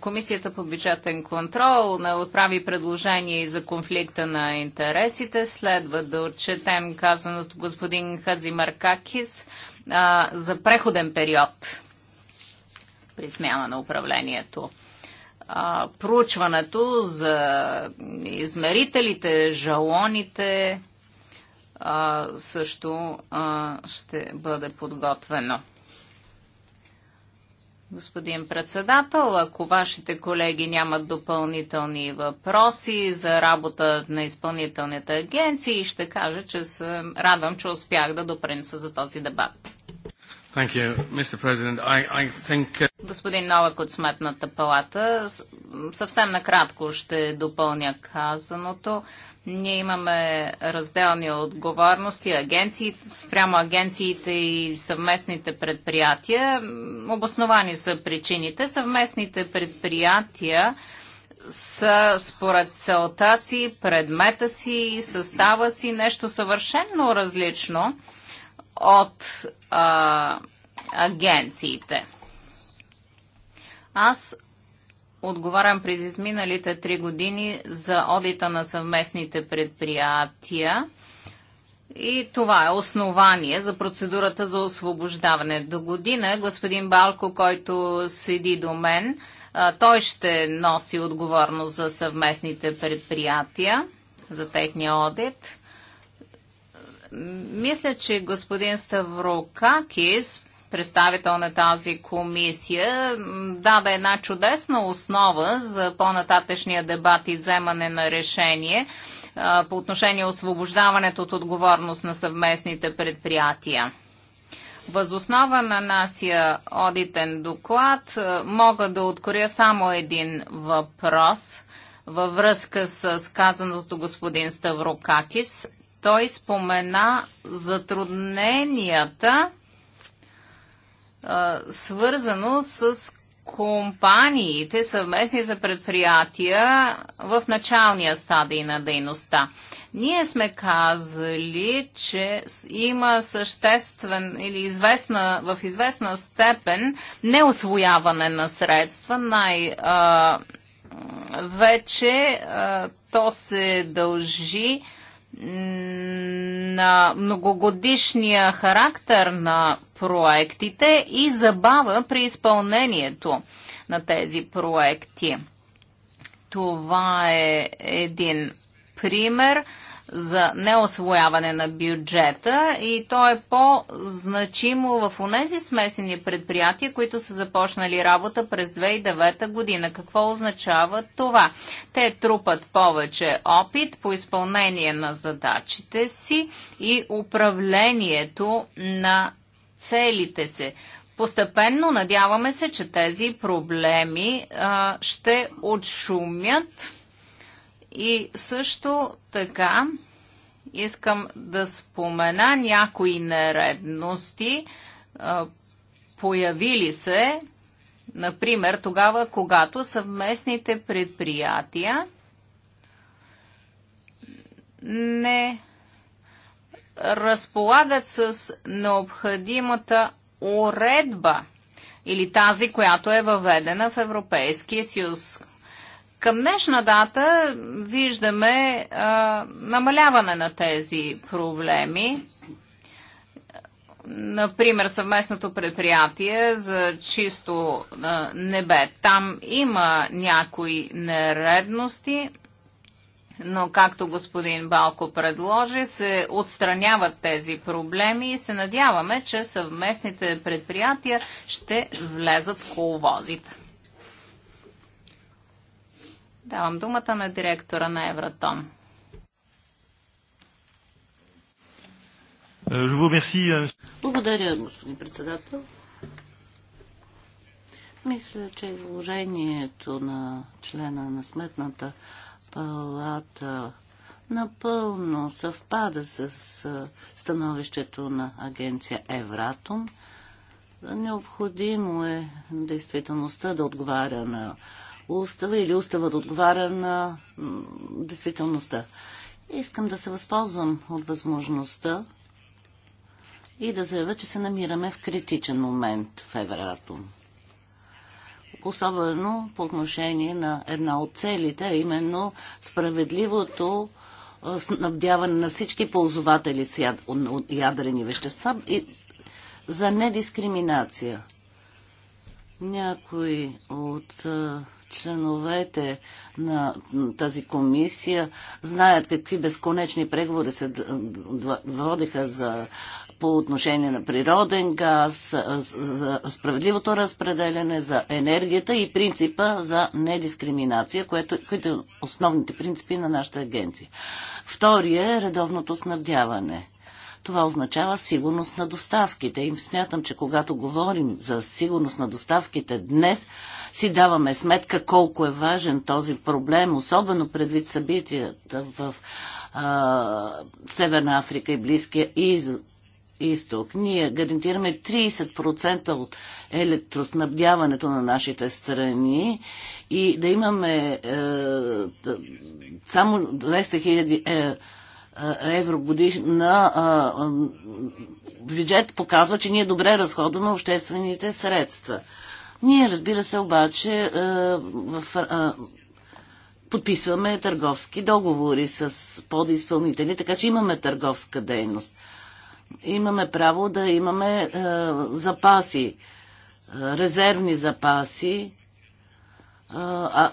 Комисията по бюджетен контрол не отправи предложение и за конфликта на интересите. Следва да отчетем казаното господин Маркакис за преходен период при смяна на управлението проучването за измерителите, жалоните също ще бъде подготвено господин председател. Ако вашите колеги нямат допълнителни въпроси за работа на изпълнителните агенции, ще кажа, че се радвам, че успях да допринеса за този дебат. Uh, Господин Новак от Сметната палата, съвсем накратко ще допълня казаното. Ние имаме разделни отговорности, агенции, спрямо агенциите и съвместните предприятия. Обосновани са причините. Съвместните предприятия са според целта си, предмета си състава си нещо съвършенно различно – от а, агенциите. Аз отговарям през изминалите три години за одита на съвместните предприятия. И това е основание за процедурата за освобождаване. До година господин Балко, който седи до мен, той ще носи отговорност за съвместните предприятия, за техния одит. Мисля, че господин Ставрокакис, представител на тази комисия, даде една чудесна основа за по-нататъчния дебат и вземане на решение по отношение освобождаването от отговорност на съвместните предприятия. Възоснова на нашия одитен доклад мога да откоря само един въпрос – във връзка с казаното господин Ставрокакис. Той спомена затрудненията, свързано с компаниите, съвместните предприятия в началния стадий на дейността. Ние сме казали, че има съществен или известна, в известна степен неосвояване на средства, най- вече то се дължи на многогодишния характер на проектите и забава при изпълнението на тези проекти. Това е един пример за неосвояване на бюджета и то е по-значимо в унези смесени предприятия, които са започнали работа през 2009 година. Какво означава това? Те трупат повече опит по изпълнение на задачите си и управлението на целите си. Постепенно надяваме се, че тези проблеми а, ще отшумят и също така искам да спомена някои нередности, появили се, например, тогава, когато съвместните предприятия не разполагат с необходимата уредба или тази, която е въведена в Европейския съюз. Към днешна дата виждаме а, намаляване на тези проблеми. Например, съвместното предприятие за чисто а, небе. Там има някои нередности, но както господин Балко предложи, се отстраняват тези проблеми и се надяваме, че съвместните предприятия ще влезат в коловозите. Давам думата на директора на Евратом. Е, е, Благодаря, господин председател. Мисля, че изложението на члена на сметната палата напълно съвпада с е, становището на агенция Евратом. Необходимо е действителността да отговаря на устава или устава да отговаря на действителността. Искам да се възползвам от възможността и да заявя, че се намираме в критичен момент в Евратум. Особено по отношение на една от целите, а именно справедливото снабдяване на всички ползователи с ядрени вещества и за недискриминация. Някои от членовете на тази комисия знаят какви безконечни преговори се водиха за по отношение на природен газ, за справедливото разпределяне, за енергията и принципа за недискриминация, което, които е основните принципи на нашата агенция. Втория е редовното снабдяване. Това означава сигурност на доставките. Им смятам, че когато говорим за сигурност на доставките днес, си даваме сметка колко е важен този проблем, особено предвид събитията в а, Северна Африка и Близкия изток изток. Ние гарантираме 30% от електроснабдяването на нашите страни и да имаме е, само 200 000 е, евро годишна бюджет показва, че ние добре разходваме обществените средства. Ние, разбира се, обаче в, подписваме търговски договори с подиспълнители, така че имаме търговска дейност. Имаме право да имаме запаси, резервни запаси. А,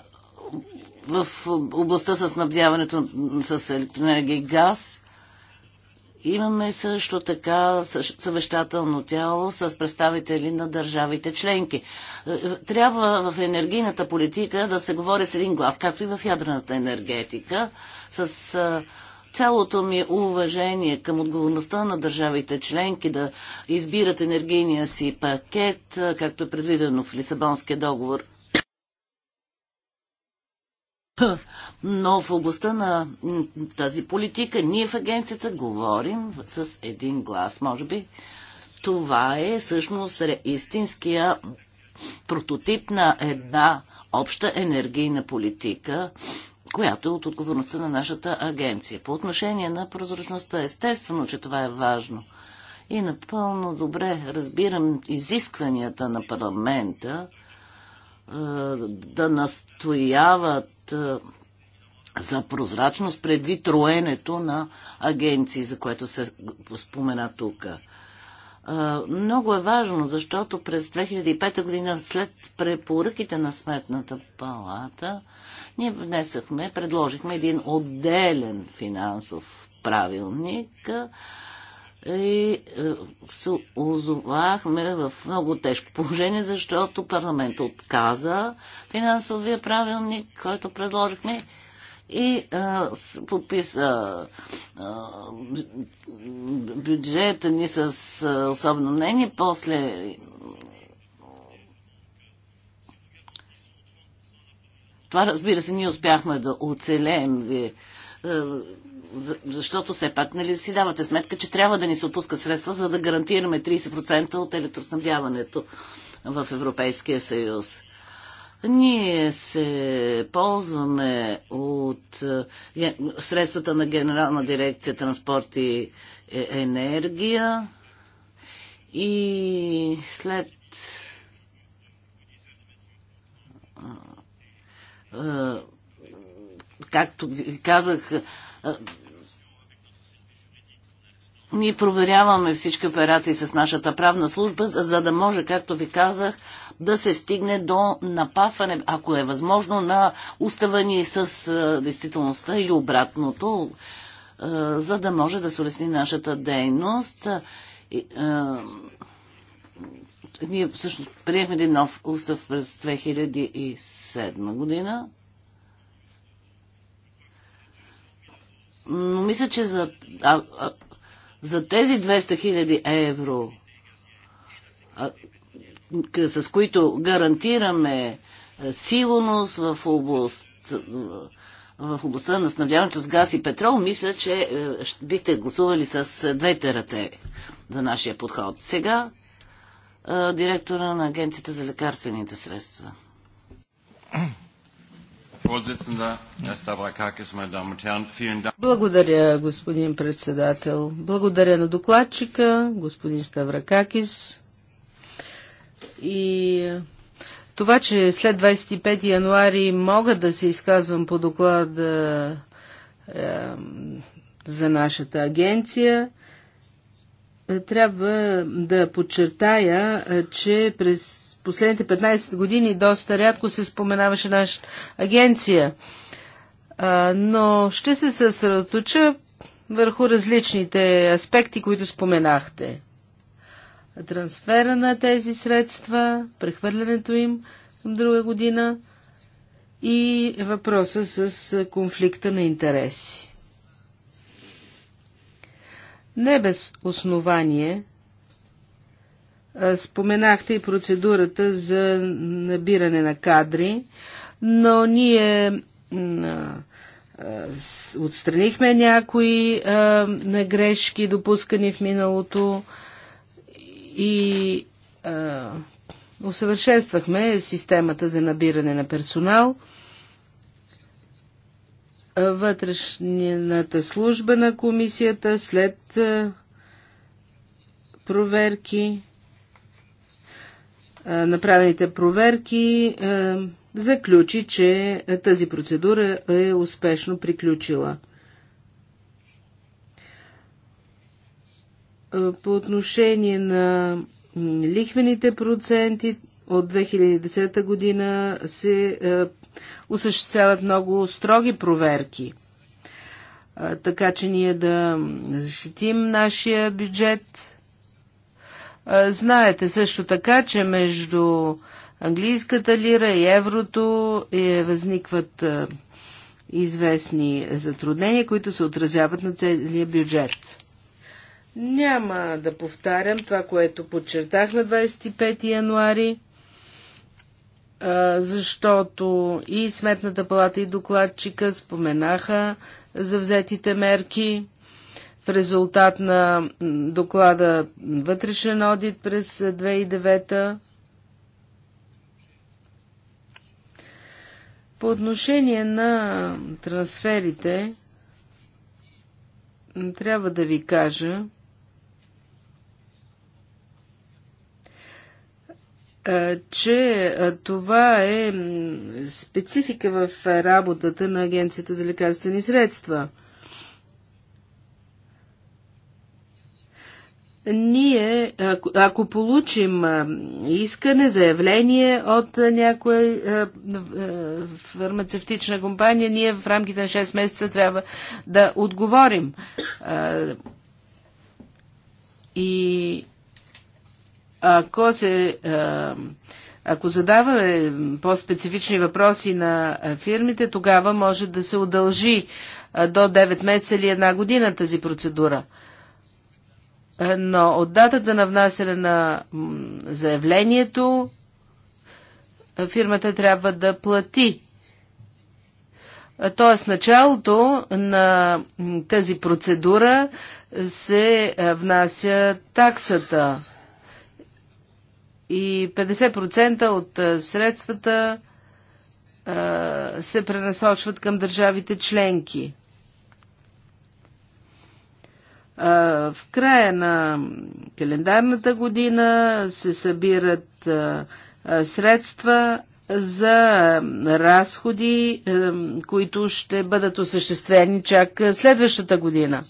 в областта с снабдяването с електроенергия и газ. Имаме също така съвещателно тяло с представители на държавите членки. Е, трябва в енергийната политика да се говори с един глас, както и в ядрената енергетика, с е, цялото ми уважение към отговорността на държавите членки да избират енергийния си пакет, е, както е предвидено в Лисабонския договор [LAUGHS] Но в областта на тази политика ние в агенцията говорим с един глас. Може би това е всъщност истинския прототип на една обща енергийна политика, която е от отговорността на нашата агенция. По отношение на прозрачността, естествено, че това е важно. И напълно добре разбирам изискванията на парламента е, да настояват за прозрачност предвид роенето на агенции, за което се спомена тук. Много е важно, защото през 2005 година, след препоръките на Сметната палата, ние внесахме, предложихме един отделен финансов правилник, и е, се озовахме в много тежко положение, защото парламент отказа финансовия правилник, който предложихме и а, е, подписа а, е, бюджета ни с а, особено мнение. После това, разбира се, ние успяхме да оцелеем. Вие защото все пак нали си давате сметка, че трябва да ни се отпуска средства, за да гарантираме 30% от електроснабдяването в Европейския съюз. Ние се ползваме от е, е, средствата на Генерална дирекция транспорт и е, енергия и след както казах, ние проверяваме всички операции с нашата правна служба, за да може, както ви казах, да се стигне до напасване, ако е възможно, на устава ни с действителността или обратното, за да може да се улесни нашата дейност. Ние всъщност приехме един нов устав през 2007 година. Но мисля, че за, а, а, за тези 200 000 евро, а, с които гарантираме сигурност в област в областта на снабдяването с газ и петрол, мисля, че е, бихте гласували с е, двете ръце за нашия подход. Сега е, директора на Агенцията за лекарствените средства. Благодаря, господин председател. Благодаря на докладчика, господин Ставракакис. И това, че след 25 януари мога да се изказвам по доклада е, за нашата агенция, е, трябва да подчертая, е, че през последните 15 години доста рядко се споменаваше наша агенция. Но ще се съсредоточа върху различните аспекти, които споменахте. Трансфера на тези средства, прехвърлянето им към друга година и въпроса с конфликта на интереси. Не без основание Споменахте и процедурата за набиране на кадри, но ние отстранихме някои грешки, допускани в миналото и усъвършенствахме системата за набиране на персонал – вътрешната служба на комисията след проверки направените проверки заключи, че тази процедура е успешно приключила. По отношение на лихвените проценти от 2010 година се осъществяват много строги проверки, така че ние да защитим нашия бюджет Знаете също така, че между английската лира и еврото е, възникват е, известни затруднения, които се отразяват на целия бюджет. Няма да повтарям това, което подчертах на 25 януари, защото и Сметната палата и докладчика споменаха за взетите мерки в резултат на доклада вътрешен одит през 2009 По отношение на трансферите, трябва да ви кажа, че това е специфика в работата на Агенцията за лекарствени средства. Ние, ако получим искане, заявление от някоя фармацевтична компания, ние в рамките на 6 месеца трябва да отговорим. И ако се ако задаваме по-специфични въпроси на фирмите, тогава може да се удължи до 9 месеца или една година тази процедура но от датата на внасяне на заявлението фирмата трябва да плати. Тоест началото на тази процедура се внася таксата и 50% от средствата се пренасочват към държавите членки. В края на календарната година се събират средства за разходи, които ще бъдат осъществени чак следващата година.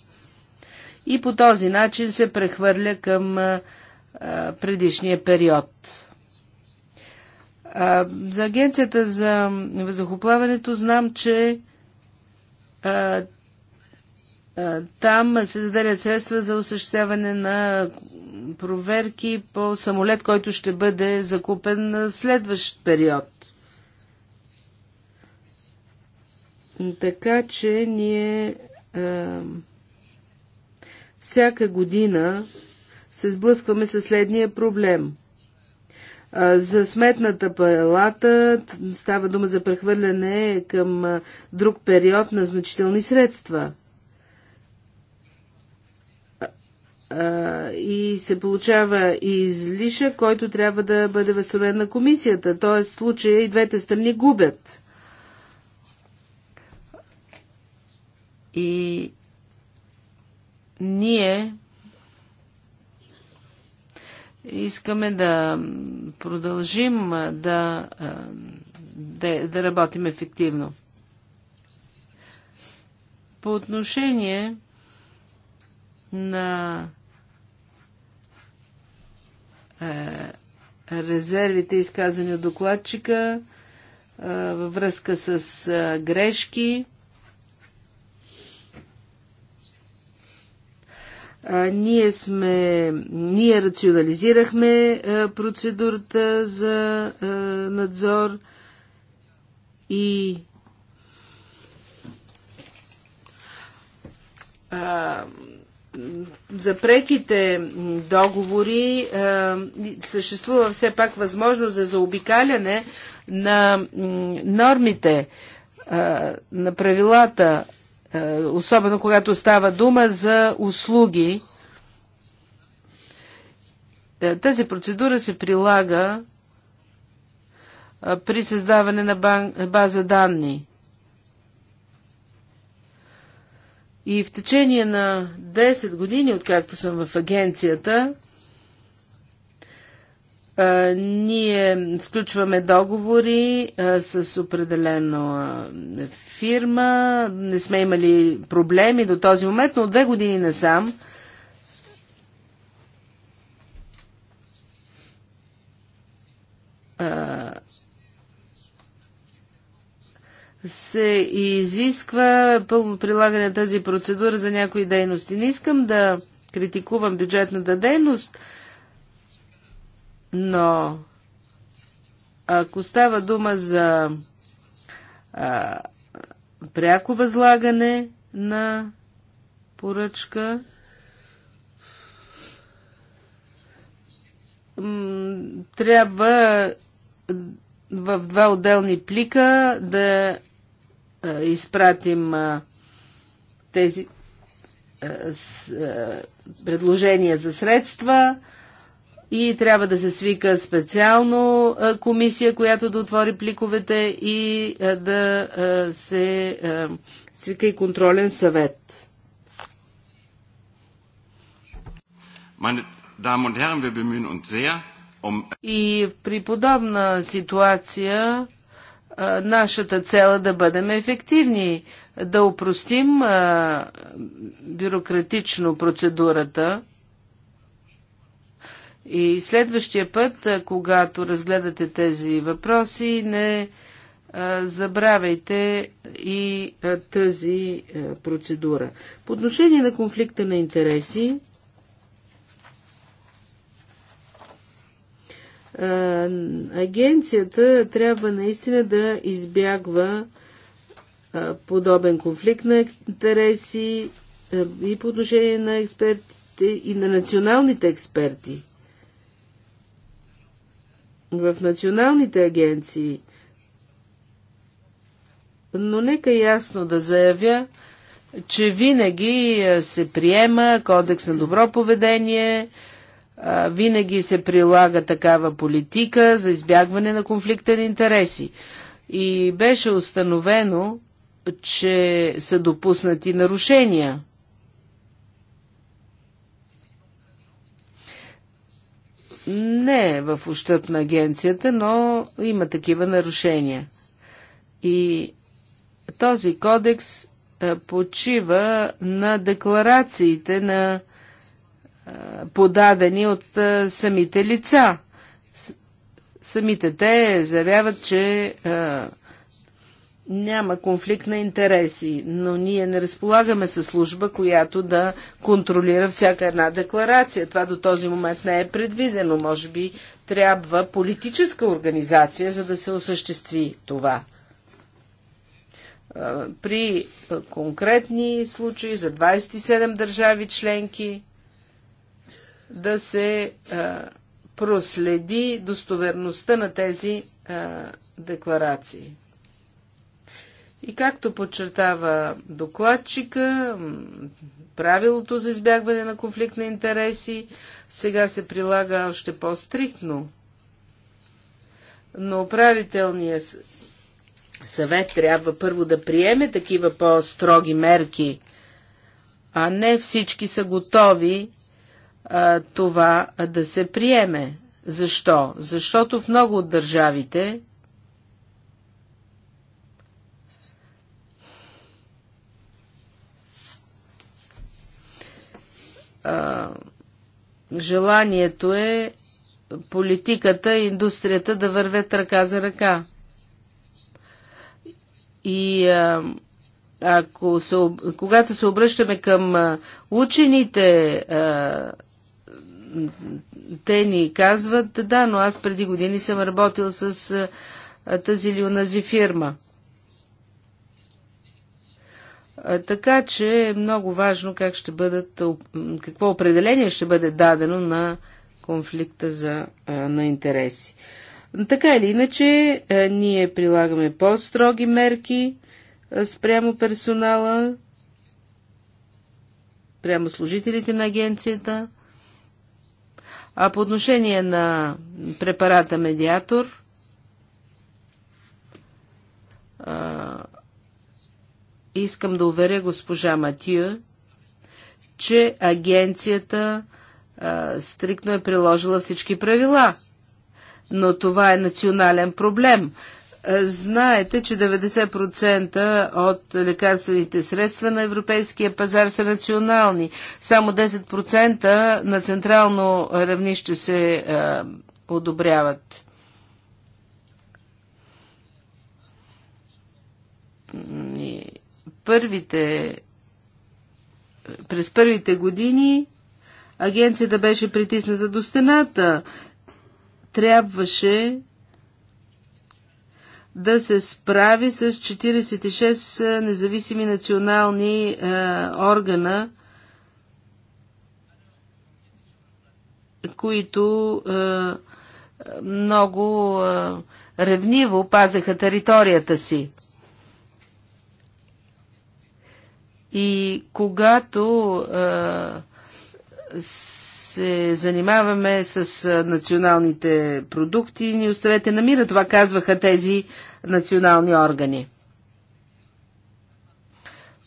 И по този начин се прехвърля към предишния период. За агенцията за въздухоплаването знам, че там се заделят средства за осъществяване на проверки по самолет, който ще бъде закупен в следващ период. Така че ние а, всяка година се сблъскваме със следния проблем. А, за сметната палата става дума за прехвърляне към а, друг период на значителни средства – и се получава излиша, който трябва да бъде възстановен на комисията. Тоест, в случая и двете страни губят. И ние искаме да продължим да, да, да работим ефективно. По отношение на е, резервите, изказани от докладчика е, във връзка с е, грешки. Ние сме, ние рационализирахме процедурата за надзор и за преките договори съществува все пак възможност за заобикаляне на нормите, на правилата, особено когато става дума за услуги. Е, тази процедура се прилага при създаване на база данни. И в течение на 10 години, откакто съм в агенцията, ние сключваме договори с определена фирма. Не сме имали проблеми до този момент, но от две години насам а, се изисква пълно прилагане на тази процедура за някои дейности. Не искам да критикувам бюджетната дейност, но ако става дума за а, пряко възлагане на поръчка, трябва в два отделни плика да е, изпратим е, тези е, предложения за средства и трябва да се свика специално комисия, която да отвори пликовете и да се свика и контролен съвет. Um и при подобна ситуация нашата цел е да бъдем ефективни, да упростим бюрократично процедурата. И следващия път, когато разгледате тези въпроси, не забравяйте и тази процедура. По отношение на конфликта на интереси, Е, агенцията трябва наистина да избягва е, подобен конфликт на интереси е, и по отношение на експертите и на националните експерти. В националните агенции. Но нека ясно да заявя, че винаги се приема кодекс на добро поведение, винаги се прилага такава политика за избягване на конфликта на интереси. И беше установено, че са допуснати нарушения. Не в ущърп на агенцията, но има такива нарушения. И този кодекс почива на декларациите на подадени от самите лица. Самите те заявяват, че няма конфликт на интереси, но ние не разполагаме със служба, която да контролира всяка една декларация. Това до този момент не е предвидено. Може би трябва политическа организация, за да се осъществи това. При конкретни случаи за 27 държави членки да се а, проследи достоверността на тези а, декларации. И както подчертава докладчика, правилото за избягване на конфликт на интереси сега се прилага още по-стриктно. Но управителният съвет трябва първо да приеме такива по-строги мерки, а не всички са готови а, това да се приеме. Защо? Защото в много от държавите а, желанието е политиката и индустрията да вървят ръка за ръка. И а, ако се, когато се обръщаме към учените, а, те ни казват, да, но аз преди години съм работил с тази или унази фирма. Така че е много важно как ще бъдат, какво определение ще бъде дадено на конфликта за, на интереси. Така или иначе, ние прилагаме по-строги мерки спрямо персонала, прямо служителите на агенцията. А по отношение на препарата медиатор, искам да уверя госпожа Матио, че агенцията стриктно е приложила всички правила. Но това е национален проблем. Знаете, че 90% от лекарствените средства на европейския пазар са национални. Само 10% на централно равнище се одобряват. първите, през първите години агенцията беше притисната до стената. Трябваше да се справи с 46 е, независими национални е, органа, които е, много е, ревниво пазеха територията си. И когато е, се занимаваме с националните продукти и ни оставете на мира. Това казваха тези национални органи.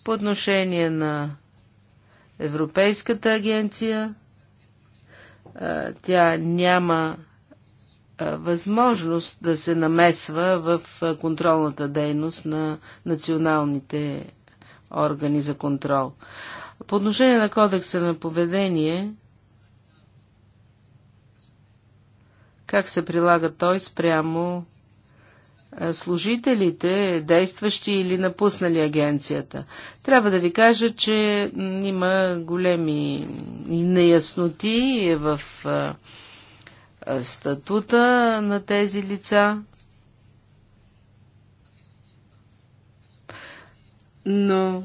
По отношение на Европейската агенция, тя няма възможност да се намесва в контролната дейност на националните органи за контрол. По отношение на кодекса на поведение, как се прилага той спрямо служителите, действащи или напуснали агенцията. Трябва да ви кажа, че има големи неясноти в статута на тези лица. Но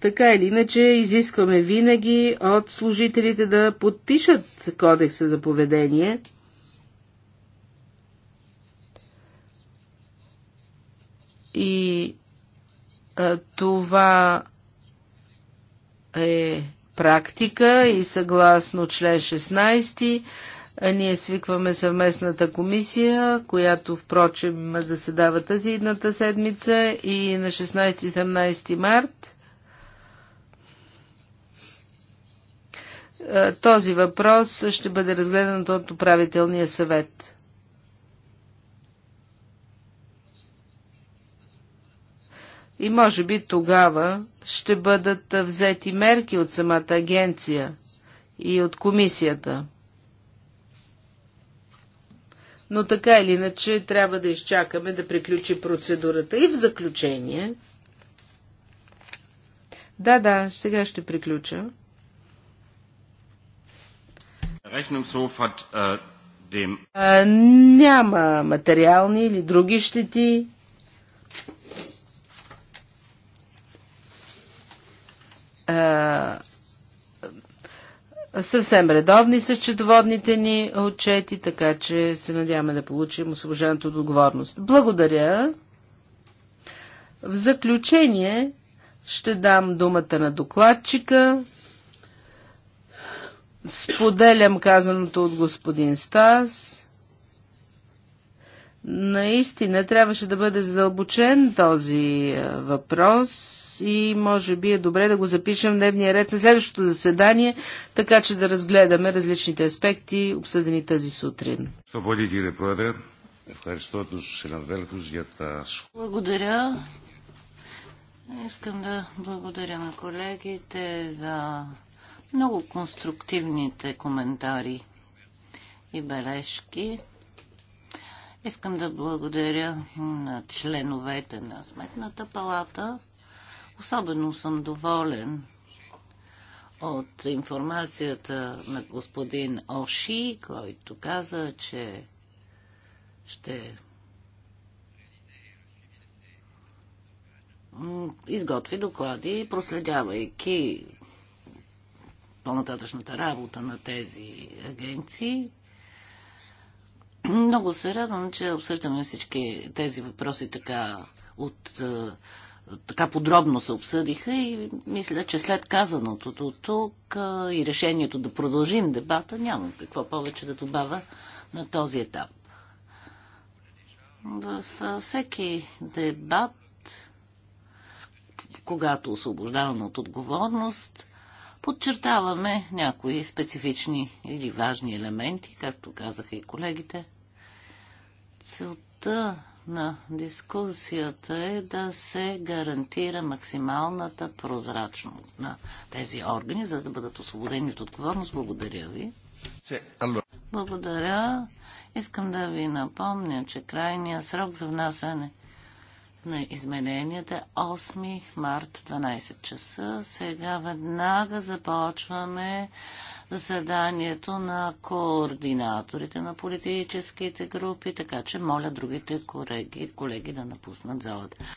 така или иначе изискваме винаги от служителите да подпишат кодекса за поведение. И а, това е практика и съгласно член 16 ние свикваме съвместната комисия, която впрочем заседава тази едната седмица и на 16-17 март. Този въпрос ще бъде разгледан от управителния съвет. И може би тогава ще бъдат взети мерки от самата агенция и от комисията но така или иначе трябва да изчакаме да приключи процедурата. И в заключение. Да, да, сега ще приключа. Äh, няма материални или други щети. А, съвсем редовни са счетоводните ни отчети, така че се надяваме да получим освобожената отговорност. Благодаря. В заключение ще дам думата на докладчика. Споделям казаното от господин Стас. Наистина трябваше да бъде задълбочен този е, въпрос и може би е добре да го запишем в дневния ред на следващото заседание, така че да разгледаме различните аспекти, обсъдени тази сутрин. Благодаря. Искам да благодаря на колегите за много конструктивните коментари и бележки. Искам да благодаря на членовете на Сметната палата. Особено съм доволен от информацията на господин Оши, който каза, че ще изготви доклади, проследявайки по-нататъчната работа на тези агенции. Много се радвам, че обсъждаме всички тези въпроси така от е, така подробно се обсъдиха и мисля, че след казаното до тук е, и решението да продължим дебата, нямам какво повече да добавя на този етап. В е, всеки дебат, когато освобождаваме от отговорност, Подчертаваме някои специфични или важни елементи, както казаха и колегите. Целта на дискусията е да се гарантира максималната прозрачност на тези органи, за да бъдат освободени от отговорност. Благодаря ви. Благодаря. Искам да ви напомня, че крайният срок за внасяне на измененията 8 март 12 часа. Сега веднага започваме заседанието на координаторите на политическите групи, така че моля другите колеги, колеги да напуснат залата.